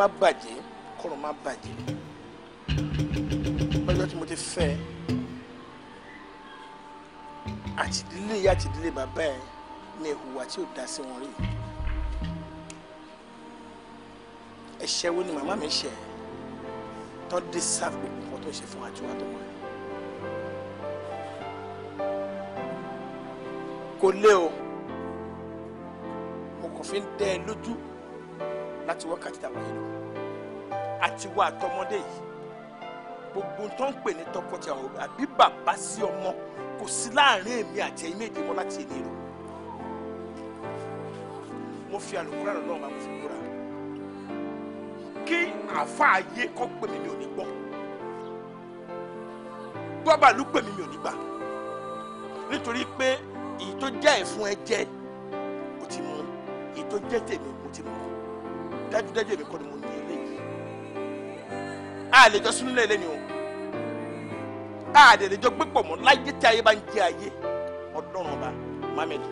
má bàjẹ́ kọ́run má bàjẹ́ lọ́jọ́ tí mo ti fẹ́ àtìdílé ìyá àtìdílé bàbá ẹ̀ ní ìhùwà tí ò dá sí wọn rí ẹ̀ṣẹ̀ wo ni màmá mi ṣe tó dé sáà gbogbo nǹkan tó ń ṣe fún àjọwà tó wà. kò lé o mo kàn fi ń dẹ ẹ lójú àti wákàtí tàwọn yìí lọ àti wá àtọmọdé yìí gbogbo tó ń pè ní tọkọtìyàwó àbí bàbá sí ọmọ kò sí láàrin èmi àti ẹ̀yin méje mọ́ láti èmi rò mo fi àlùkùrà lọ́wọ́ máa fi kúra kí àáfàá ayé kọ́ pè mí mi ò ní gbọ́ gbọ́bà ló pè mí mi ò ní gbà nítorí pé èyí tó jẹ́ ẹ̀fún ẹ jẹ́ mo ti mú èyí tó jẹ́ tèmi mo ti mú dájúdájú èmi kọ́ ni mo ní eléyìí a lè jọ sínú lẹ́lẹ́ ni o a lè lè jọ gbé pọ̀ mọ́ láyé tí ayé bá ń jẹ ayé ọlọ́run ọba mohammed.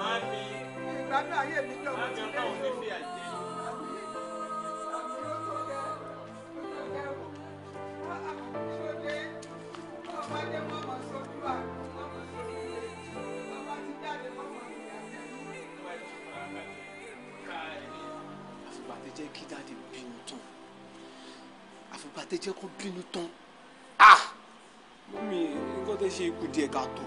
mami ìgbádùn ayé mi jọ wọ́n ti lẹ́yìn o. jẹ́ kí dáàdi bínú tán àfìgbà tẹ́ jẹ́ kó bínú tán ah mọ́mí nǹkan tẹ́ ṣe ikú díẹ̀ ká tó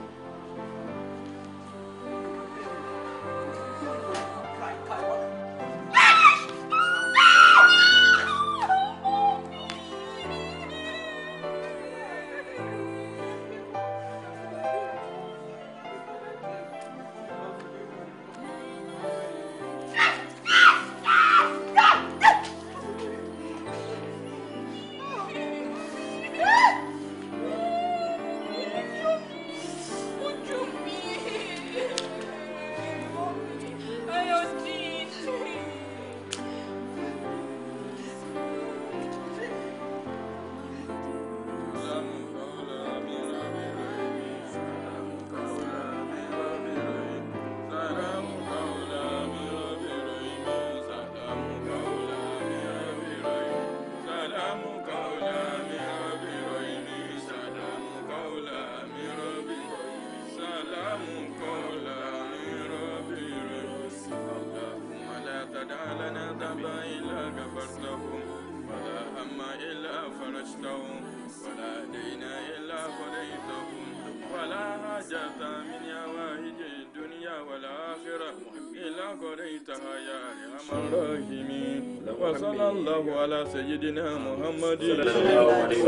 سيدنا محمد صلى الله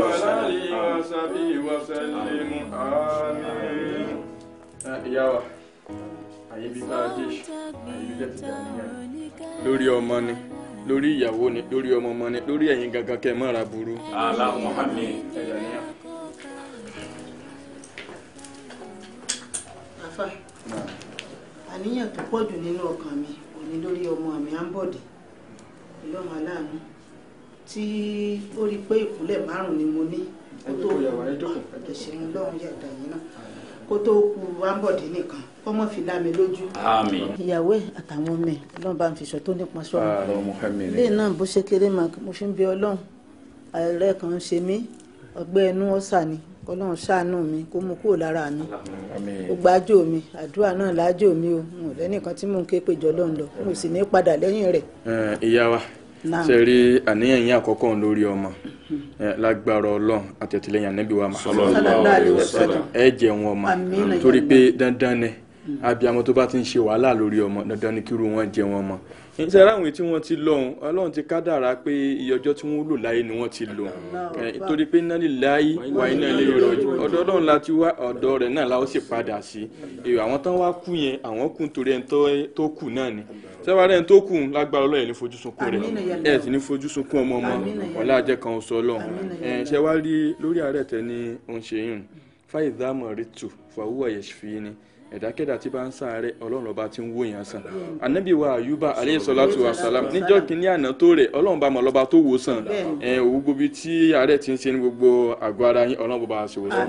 عليه وسلم آمين يا lórí ọmọ ni lórí ìyàwó ni lórí ọmọ ọmọ ni lórí ẹ̀yin gangan kẹ́ ẹ má ra burú. àlà muhammed ẹ̀yà níyà. àníyàn tó pọ̀jù nínú ọkàn mi òní lórí ọmọ mi à ń bọ̀dẹ̀ ìlú aláàánú tí ó rí i pé ìkúnlẹ̀ márùn-ún ni mo ní kó tó ẹ̀ṣẹ̀ ń lọ́run yàtọ̀ yìí náà kó tó kú ambọ̀dé nìkan kọ́mọ́ fi dá mi lójú. ìyàwó ẹ̀ àtàwọn ọmọ ẹ̀ lọ́n bá ń fi sọ tó nípa sọ́ọ́ lé náà bó ṣe kéré mà mo fi ń bẹ ọlọ́run ààrẹ kan ń ṣe mí ọgbẹ́ ẹnu ọ̀sà ni ọlọ́run ṣàánú mi kó mú kúrò lára mi ó gbájú mi àdúrà náà lájú mi o mo lẹ́nìkan tí mò ń ké pèjọ lọ́n lọ mo sì ní padà lẹ́yìn rẹ̀. ìyá wa ṣe rí àníyàn yín àkọ́kọ́ lórí ọmọ mm-hmm. lágbára ọlọ́run àtẹ̀tìlẹ́yìn ànábì wa Muhammad ẹ jẹ́ wọn ọmọ torí pé dandan ni mm-hmm. abiyamọ tó bá ti ń ṣe wàhálà lórí ọmọ dandan ni kíru wọn jẹ wọn mọ ṣe aráwìn tí wọ́n ti lọ́hùn ọlọ́run ti kádàrá pé iye ọjọ́ tí wọ́n lò láyé ni wọ́n ti lò torí pé iná líláyé wà iná ilé ìrọ̀jú ọ̀dọ̀ ọlọ́run la ti wá ọ̀dọ̀ rẹ̀ náà la ó sì padà sí èrò àwọn tán wá kú yẹn àwọn kú nítorí ẹni tó kù náà ni sẹ́wárẹ́ tó kù lágbára ọlọ́yẹ̀ ní fojú sunkún rẹ̀ ẹ̀ sì ní fojú sunkún ọmọ ọmọ ọ̀la jẹ́ kan sọ ọlọ́run sẹ́wárí lórí àárẹ̀ tẹ ní òǹṣeyìn fáìdámọ̀ rìtù fàwúwà yẹ̀sìfì ni ẹ̀dákẹ́dà tí bá ń sàárẹ̀ ọlọ́run ọba tí ń wò yàn sàn ànábì wa àyùbá aleyhisalatu wasalam níjọ́ kínní àná tó rẹ̀ ọlọ́run bá mọ̀ lọ́ba tó wò sàn ẹ̀ òwú gbogbo tí àárẹ̀ ti ń ṣe ní gbogbo àgọ́ ara yín ọlọ́run bá ṣe wò sàn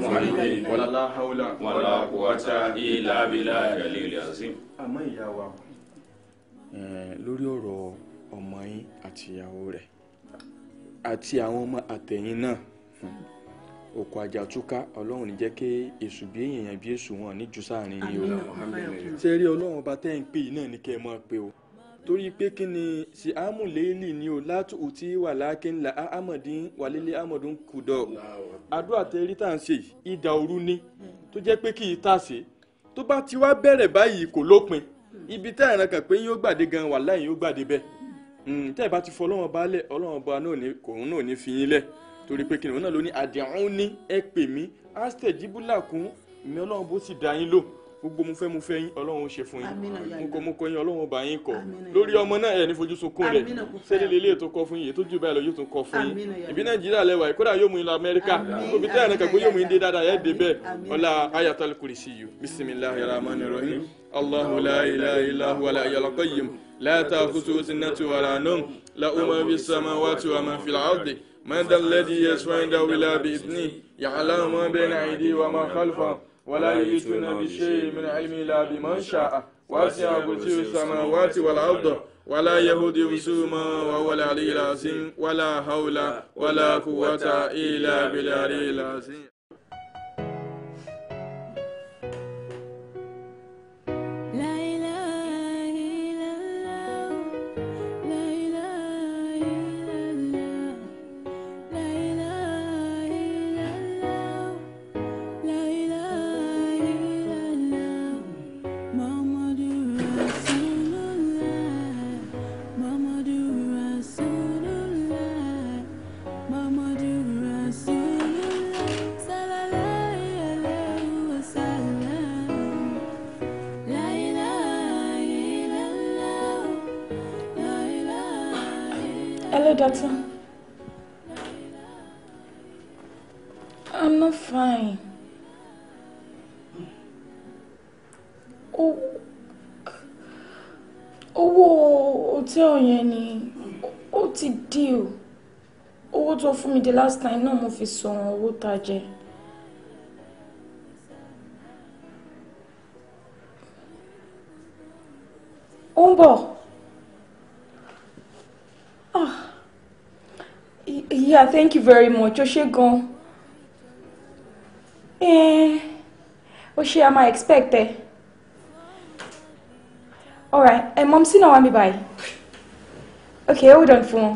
àmọ́ ìyá wa Eh, lórí ọ̀rọ̀ ọmọ yín àti ìyàwó rẹ̀ àti àwọn ọmọ àtẹ̀yìn náà òkò àjàtúká ọlọ́run ní jẹ́ kí èṣù bí èèyàn bí èṣù wọn ní jù sáàrin yìí o ṣe rí ọlọ́run ọba tẹ́ ń pè yìí náà ní kẹ́ ẹ máa pè o torí pé kí ni ṣe amúlẹ́ẹ̀lì ni o láti òtí wà lákín la amọ̀dín wàlélẹ́ amọ̀dún kùdọ̀ àdúrà tẹ́rí tá à ń ṣe ìdá òru ni tó jẹ́ pé kì í tà sí tó bá ti wá bẹ̀rẹ̀ báyìí kò lópin ibi tẹ́ ẹ̀ràn kan pé yóò gbàdé gan wà láyìn yóò gbàdé bẹ́ẹ̀ hmm, tẹ́ ẹ̀ bá ti fọ ọlọ́wọ́n bá lẹ̀ ọlọ́wọ́n bá òun náà ní fi yín lẹ̀ torí pé kìnìún náà ló ní àdéhùn ní ẹ pè mí ástẹ̀ jíbúlà kún mi ọlọ́wọ́n bó sì dá yín lò gbogbo mo fẹ́ mo fẹ́ yín ọlọ́run ṣe fún yín mo kọ mo kọ yín ọlọ́run bá yín kọ lórí ọmọ náà ẹ̀ ní fojú sunkún rẹ̀ sẹ́lẹ̀ lélẹ̀ tó kọ fún yín ètò jù báyìí lọ yóò tún kọ fún yín ìbí nàìjíríà lẹ́wà ìkódà yóò mú yín lọ amẹ́ríkà òbí tẹ́yà náà kàgbé yóò mú yín dé dáadáa ẹ̀ dé bẹ́ẹ̀ ọlá ayatul kursi yìí bisimilahi rahman rahim allahu la ilaha illa huwa la yàrá qayyim la ta'khudhuhu la ولا يؤتون بشيء من علم إلا بما شاء واسع كرسي السماوات والأرض ولا يهود يمسوما وهو العلي العظيم ولا حول ولا قوة إلا بالعلي العظيم Data. I'm not fine. Oh, oh, Owó hòtẹ́ẹ̀lì yẹn ni ó ti díò. What's tó fún me the last time No mo fi san owó tá thank you very much ó ṣe gan eh, ó ṣe am I expect ẹ alright ẹ eh, mọ́mísí náà wá mi báyìí okay hold on fún wọn.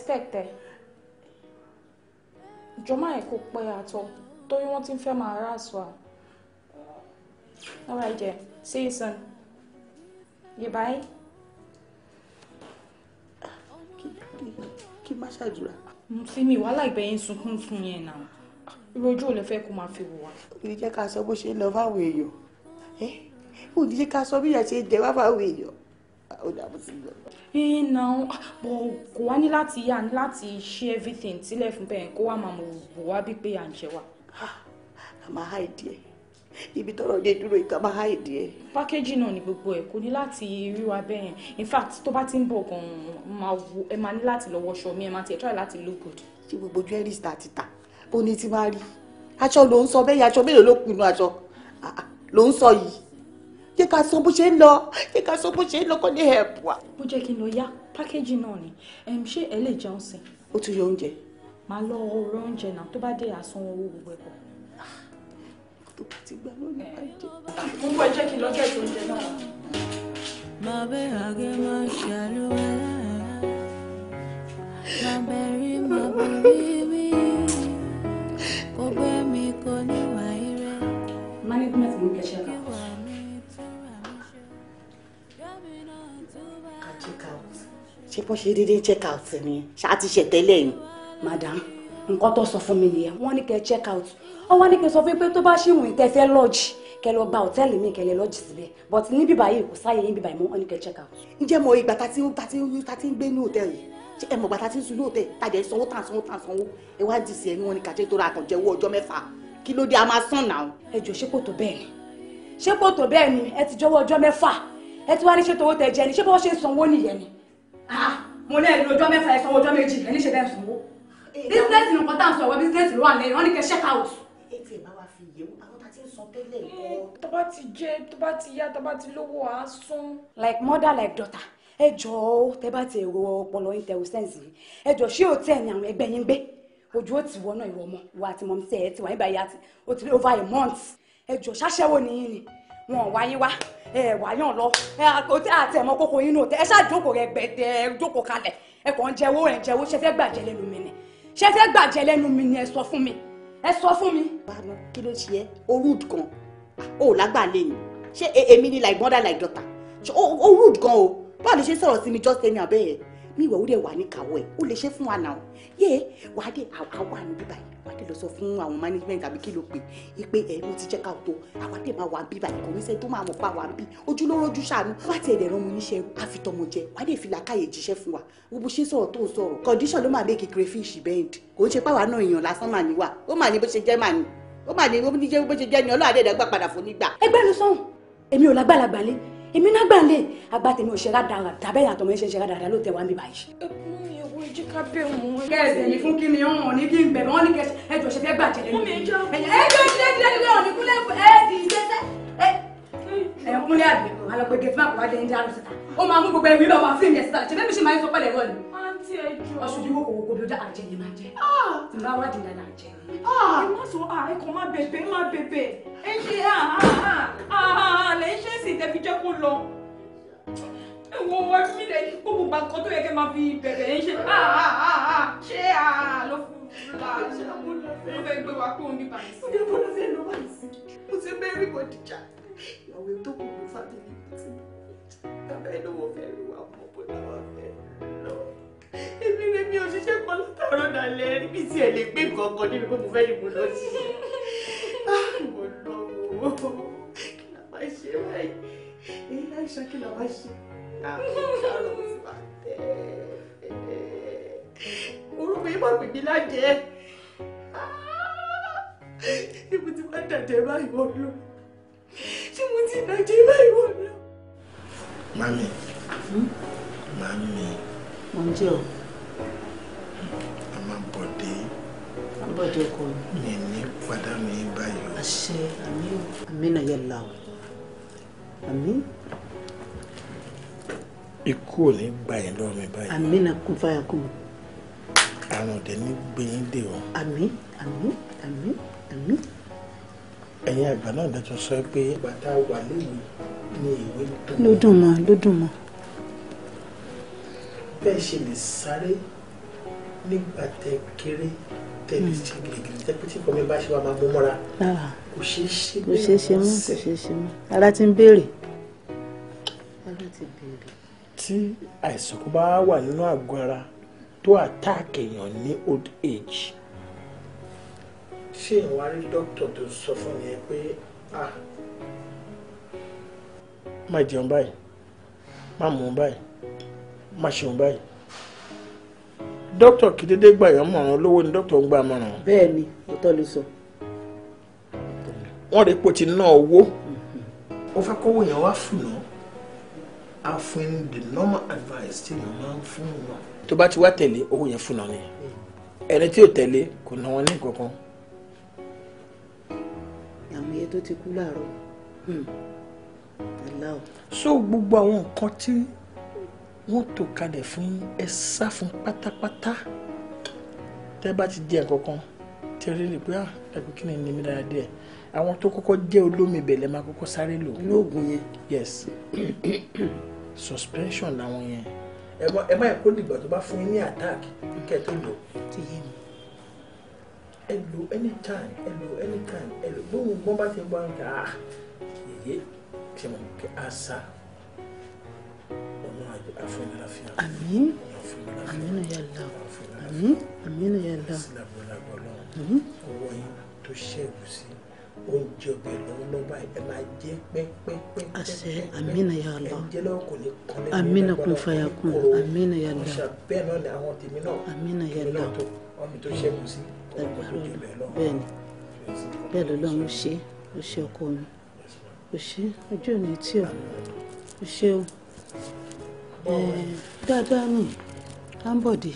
expect ẹ jọmọ ẹ kò pẹ́ àtọ torí wọ́n ti ń fẹ́ máa rà sọ à alright jẹ see you soon Goodbye. báyìí. kí má ṣàdúrà. Fimi wàhálà ìgbẹ́ yẹn sunkún fún yẹn náà ìrojú ò lè fẹ́ kó máa fi wò wá. kò ní jẹ́ ká sọ bó ṣe lọ fáwọn èèyàn ẹ́ ká sọ bí ìyá ṣe jẹ́ wá fáwọn èèyàn ó dàbò sí i lọ. iná bọ̀ kò wá ní láti yá ní láti ṣe everything sílẹ̀ fún bẹ́ẹ̀ kó wá máa mọ̀ bò wá bí pé à ń jẹ wa. Ah, a máa há ìdí ẹ ibi tọrọ dé dúró ìka máa há ìdí ẹ. pákéjì náà ni gbogbo ẹ kò ní láti rí wa bẹ́ẹ̀ in fact tó bá ti ń bọ̀ gan-an ẹ máa ní láti lọ wọṣọ mi ẹ máa tiẹ̀ try láti look good. ṣé gbogbo jewelry star ti ta ó ní tí máa rí aṣọ ló ń sọ bẹ́ẹ̀ aṣọ mélòó ló pinnu aṣọ ah, ah, ló ń sọ yìí jẹ́ ká sọ bó ṣe ń lọ jẹ́ ká sọ bó ṣe ń lọ kó lè help wa. bó jẹ́ kí n lọ yá pákéjì náà ni ṣé ẹ lè jẹun sí. ó tún yọ oúnjẹ. màá lọ ọrọ oúnjẹ náà tó bá dé àsan owó gbogbo ẹ̀kọ́. tó bá ti gbà lónìí bá jẹ. gbogbo ẹ jẹ́ kí n lọ gẹ̀ẹ́sì oúnjẹ náà. máa bẹ àgé máa ṣàlùwẹ̀ máa bẹ rí máa bẹ rí mi kò gbé mi kò ní wàá rẹ. management ló kẹ́ ṣẹ́ka check out ṣé bó ṣe dédé check out ni ṣáà ti ṣe tẹ́lẹ̀ madam nǹkan tó sọ fún mi nìyẹn wọ́n ní kẹ́ check out wọ́n wá ní kẹ́ sọ fún pé tó bá ṣì wù ní tẹ́ fẹ́ lọ́ọ̀jì kẹ́ lọ gba hòtẹ́ẹ̀lì mi kẹ́ lè lọ́ọ̀jì síbẹ̀ but níbí báyìí kò sáyé níbí báyìí mọ́ wọ́n ní kẹ́ check out. ǹjẹ́ mo ìgbà tá ti ń gbé ní hòtẹ́ẹ̀lì ṣe ẹ mọ̀gbà tá ti ń sun ní hòtẹ́ẹ̀lì tàbí ẹ sanwó tàn sanwó tàn sanwó ẹ wá dì sí ẹni wọn ní kàtẹ́ tó ra àkànjẹ owó ọjọ́ mẹ́fà kí ni ṣé kò tó bẹ́ẹ̀ ni ẹ ẹ ti wá ní ṣe tòwó tẹ jẹ ni ṣé bí ṣe ń sanwó nìyẹn ni. Ah, mo ní ẹni ọjọ́ mẹ́fà ẹ sanwó ọjọ́ méjì ẹ ní ṣe bẹ́ẹ̀ sanwó. bísíǹnẹ́sì nìkan tá à ń sọ ìwé bísíǹnẹ́sì ló wà lẹ́yìn wọ́n ní kẹ́ check out. ètò ìbá wa fi yẹ̀wò àwọn tá a ti ń san tẹ́lẹ̀ ẹ̀kọ́. Eh, tó bá ti jẹ tó bá ti yá tó ti lówó àá sún. like mother like daughter ẹ jọ̀ọ́ tẹ bá ti èrò ọpọlọ yín tẹ ò sẹ́ǹsì ẹ jọ̀ọ́ ṣé òtẹ́ẹ̀ ni àwọn ẹgbẹ́ yín gbé ojú ó ti wọnà ìwọ ọmọ wa àti mọ̀ ṣe ẹ ti wà nígbà yá ó ti over a month ẹ jọ̀ọ́ ṣáṣẹ́wó nìyí ni wọn ò wáyé wá ẹ wà yàn lọ ẹ àti ẹ̀mọ́ kókó yín nù tẹ ẹ ṣáà jókòó rẹ gbẹdẹ ẹ jókòó kalẹ̀ ẹ kàn ń jẹwó ẹ ń jẹwó ṣe fẹ́ gbàjẹ́ lẹ́nu mi ni ṣe fẹ́ gbàjẹ́ lẹ́nu mi ni ẹ sọ fún mi ẹ sọ fún mi. báwo kí ló ṣe ẹ o rude gan o ò lágbà lẹ́yìn ṣé e, èmi ni like mother like daughter o rude gan o báwo lè ṣe sọ̀rọ̀ sí mi just ẹni àbẹ́yẹ mi ìwà ó dẹ̀ wà ní kàwọ́ ẹ̀ ó lè ṣe fún wa náà yé wàá dé àwa ní bíbáyìí wàdé lọ sọ fún àwọn management àbí kí ló pè é pé ẹ mo ti jẹ́ ká tó àwa tẹ̀ máa wà bí báyìí kò ní sẹ́ni tó máa mọ̀ pa wà bí ojú ló rojú ṣàánú wá tiẹ̀ dẹ̀ rán mu níṣẹ́ àfitọ́mọ jẹ wàdé fi làákàyè jíṣẹ́ fún wa gbogbo ṣé sọ̀rọ̀ tó ń sọ̀rọ̀ condition ló máa bẹ́ẹ̀ kékeré fish bend kò ń ṣe páwa náà èèyàn lásán mà ní wà ó mà ní bó ṣe jẹ́ mà ní ó mà ní bó ṣe jẹ́ ni ọlọ́àdẹ́dẹ́gbà padà fún nígbà. ẹgbẹ́ ló sọ̀hún èmi ò lágbàlagbà ṣe rádàrà tàbẹ́yà àtọmọ jí ká bẹ̀ wọ́n. kẹ́sì ní fún kíni ọ̀hún ọ̀ní bí ń bẹ̀ wọ́n ní kẹ́sì ẹjọ́ ṣe fẹ́ bàjẹ́ lẹ́nu. ẹ jọ ìdílé ìdílé ìdílé ọ̀ní kúlẹ̀ ẹ ti ṣẹ́ṣẹ́ ẹ ẹ ń kúnlẹ̀ àbí àlọ́ pé gẹ̀ẹ́fì máa kọ́ adé àrùn síta ó máa mú gbogbo ẹ̀mí lọ wá fíìmù ẹ̀sítà ṣe fẹ́mi ṣe máa ń sọ pẹ̀lẹ́ bọ́ọ̀lù. àǹtí ẹ jọ ọṣùn ẹ̀wọ̀ wọ ẹ̀fí lẹ̀ gbogbo gbàǹkan tó yẹ kẹ́ máa fi bẹ̀rẹ̀ yẹn ṣe ah, ah, ah, ṣé ló fún la ṣe mo fẹ́ gbé wa kó omi bàyìí. mo jẹ́ bọ́lá fẹ́ lọ báyìí sí mo ti bẹ́ẹ̀ rí bọ̀ dìjà ìyàwó tó kù ló fàbílì tí bàbá ẹ̀ ló wọ fẹ́ rí wa mọ̀ bó lọ́wọ́ fẹ́ lọ. èmi ni mi ò ṣiṣẹ́ kan látàárọ̀ dalẹ̀ níbi tí ẹ̀ lè gbé nǹkan kan níbi pé mo fẹ́ ni mo lọ sí. mo lọ wo kí la máa ṣe báyìí èyí láì ṣe kí la máa ṣe orúkọ yìí máa pèmí lájẹ ṣé mo ti máa hmm? dàjẹ báyìí wọ́n lọ ṣé mo ti dàjẹ báyìí wọ́n lọ. mami mami. mo ń jẹ o. a máa bọ̀ dé. a bọ̀ dé ọkọ mi. mi ní padà mi báyìí àṣẹ àmì àmì náà yẹ la o àmì ikú ò ní gbà yín lọ́wọ́ mi báyìí. àmín náà kún fáyà kún. àwọn ọ̀dẹ ní gbẹ̀yìn dè wọ́n. àmín àmín àmín àmín. ẹ̀yin àgbà náà dẹ́tun sọ pé bàtà wà lóyún ní ìwé dùn. ló dùn mọ́ ló dùn mọ́. bẹ́ẹ̀ ṣe lè sáré nígbà tẹ kéré tẹ̀lé ṣe gbègbè jẹ́ pé tí nǹkan mi bá ṣe wà máa mú mọ́ra kò ṣeé ṣe mọ́ kò ṣeé ṣe mọ́ ara ti ń béèrè tí àìsàn kò bá wà nínú àgọ́ ara tó attack èèyàn ní old age. ṣé ìwà rí dókítà tó sọ fún mi pé a máa jẹun báyìí máa mú un báyìí máa ṣeun báyìí dókítà kì í dédé gbà yàn mọ̀ràn olówó ni dókítà ń gbà mọ̀ràn. bẹ́ẹ̀ ni òótọ́ ló sọ. wọ́n rí pé ó ti ná owó mm-hmm. ó fẹ́ kówó yẹn wá fún un náà á fún ní the normal advice tí mo máa ń fún wọn. tó bá ti wá tẹ̀lé owó yẹn fún náà ni hmm. ẹni tí ò tẹ̀lé kò ná wọn ní kankan. àwọn iye tó ti kú láàárọ̀ hmm. aláwọ̀. so gbogbo àwọn nǹkan tí wọ́n tò kalẹ̀ fún ẹ sá fún pátápátá tẹ́ bá ti di ẹ̀ kankan tẹ́lẹ̀ lè pé ah, ẹ̀kú kí ni ní mi dára àwọn tó kọ́kọ́ jẹ́ olómi ìbẹ̀lẹ̀ máa kọ́kọ́ sáré lò. ní oògùn yẹn. yes suspension làwọn yẹn ẹ má kó dìgbà tó bá fún yín ní attack kẹ́ ẹ tó lò. ti yé mi. ẹ lò anytime ẹ lò anytime ẹ lò gbóhùn gbọ́n bá ti ń bọ́ ọ́n ah yèyé ṣe mọ̀ kí a sá ọ̀nà àfẹ́lẹ́láfíà. àmín àmín ya Allah àmín àmín ya Allah. sílẹ̀ bọ́lá bọ́lá ọwọ́ yín tó ṣẹ́gun sí i oúnjẹ ọbẹ̀ lọ́wọ́lọ́wọ́ báyìí ẹ máa jẹ pẹ́pẹ́pẹ́. àṣẹ amina ya lọ amina kun faya kun amina ya lọ bẹ́ẹ̀ náà amina ya lọ ọmọ tó ṣẹ́gun lọ. bẹ́ẹ̀ ṣe ó ṣe ọkọ mi ó ṣe ojú òní tí o ó ṣe o dáadáa ni ambode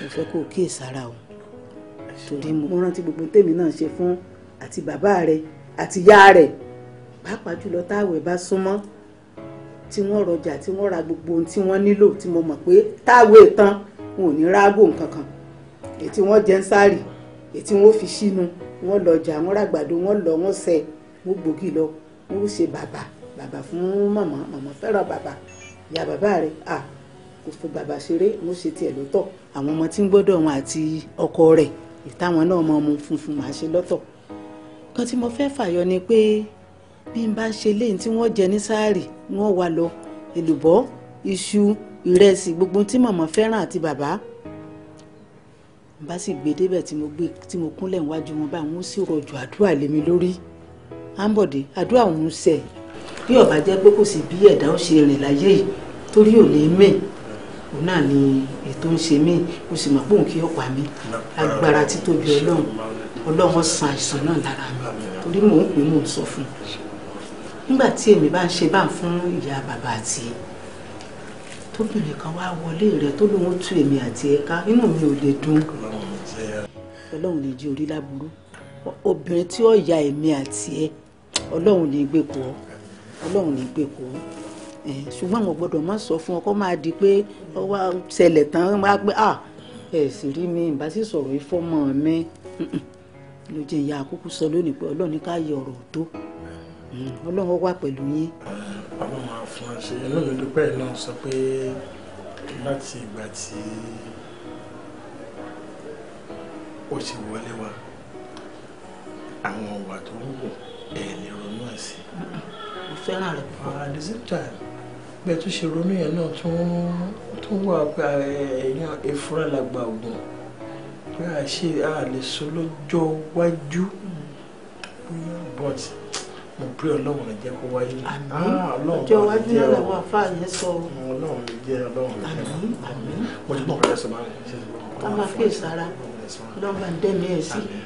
mo fẹ́ kó o kíyèsára o torí mo rántí gbogbo tèmi náà ṣe fún àti bàbá rẹ àti ìyá rẹ pàápàá jùlọ táwẹ̀ bá súnmọ́ tí wọ́n rọjà tí wọ́n ra gbogbo ohun tí wọ́n nílò tí mo mọ̀ pé táwẹ̀ tán wọn ò ní ráàgò nǹkan kan èyí tí wọ́n jẹ ń sáré èyí tí wọ́n fi sínú wọ́n lọ́jà wọ́n ràgbàdo wọ́n lọ wọ́n sẹ wọ́n gbòógì lọ wọ́n ṣe bàbà bàbà fún màmá màmá fẹ́ràn bàbà ìyá bàbá rẹ̀ kò fi bàbà ṣeré wọ́n ṣe tiẹ̀ lọ́tọ̀ àwọn ọmọ tí ń gbọ́dọ̀ wọn àti ọkọ rẹ̀ ìtàwọn náà mọ ọmọ funfun màá ṣe lọ́tọ̀ kan tí mo fẹ́ fàyọ ni pé bí n bá ń ṣe léyìn tí wọ́n jẹ ní sáàrì wọ́n wà lọ èlùbọ́ iṣu ìrẹsì gbogbo tí màmá fẹ́ràn àti bàbá n bá sì gbé débẹ̀ tí mo gbé tí mo kúnlẹ̀ níwájú wọn bá wọn sì rọ̀jò àdúrà lémi lórí àǹbọ̀dé àdúrà òun ṣẹ bí ó bá pé kò sí bí ẹ̀dá ó ṣe rìn láyé yìí torí ò lè mẹ́ẹ̀ òun náà ni ètò ń ṣe mí mo sì mọ̀ pé òun kì í ọ̀pá mi agbára títóbi ọlọ́run ọlọ́run san àìsàn náà lára mi torí mò ń pè mò ń sọ fún un nígbà tí èmi bá ń ṣe bá ń fún ìyá bàbá àti ẹ tóbìnrin kan wá wọlé rẹ tó lóun tú èmi àti ẹ ká inú mi ò lè dùn ọlọ́run lè jí orí láburú obìnrin tí ó ya èmi àti ẹ ọlọ́run lè gbé kó ọlọ́run lè gbé kó ọ ṣùgbọ́n àwọn gbọ́dọ̀ má sọ fún ọ kó máa di pé ọ wá ṣẹlẹ̀ tán wá pé à ah, ẹ sì rí mi ìbá sì sọ̀rọ̀ ìfọ́mọ mi ló jẹ́ ìyá àkókò sọ lónìí pé ọlọ́run ní ká yẹ ọ̀rọ̀ tó mm, ọlọ́run wà pẹ̀lú yín. bàbá máa fún ẹ ṣe inú mi dúpẹ́ náà sọ pé láti ìgbà tí ó ti wọlé wa àwọn ọ̀wà tó ń wù ẹ̀ lè ronú ẹ̀ sí. mo fẹ́ràn rẹ̀ pọ̀. at bẹ tó ṣe ronú yẹn náà tó ń wà pé èèyàn èfúrà làgbà ògùn pé a ṣe a lè so lọ́jọ́ wájú but mo pray ọlọ́run lè jẹ́ kó wáyé ah, ọjọ́ wájú náà làwọn àfáà yẹn sọ ọlọ́run lè jẹ́ ọlọ́run lè jẹ́ mo ti gbọ́n pẹ̀lú ẹ̀sán máa ń ṣe é. ká máa fi ìsara lọ́ba dẹ́mi ẹ̀ sí i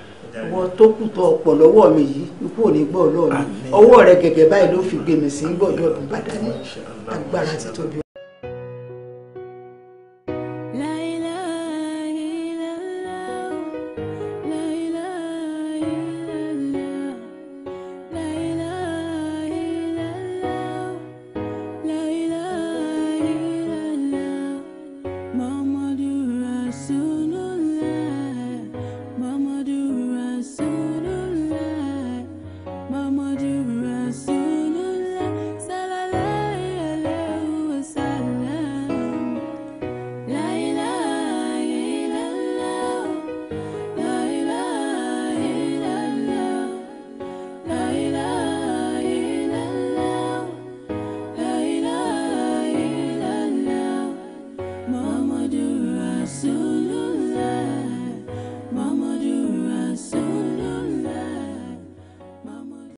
wọ́n tó kù tọ ọ̀pọ̀ lọ́wọ́ mi yìí ikú ò ní gbọ́ ọlọ́run ọwọ́ rẹ gẹ́gẹ́ báyìí ló fi gbé mi sí gbọ́dọ̀ ọdún bàdánù agbára ti tóbi.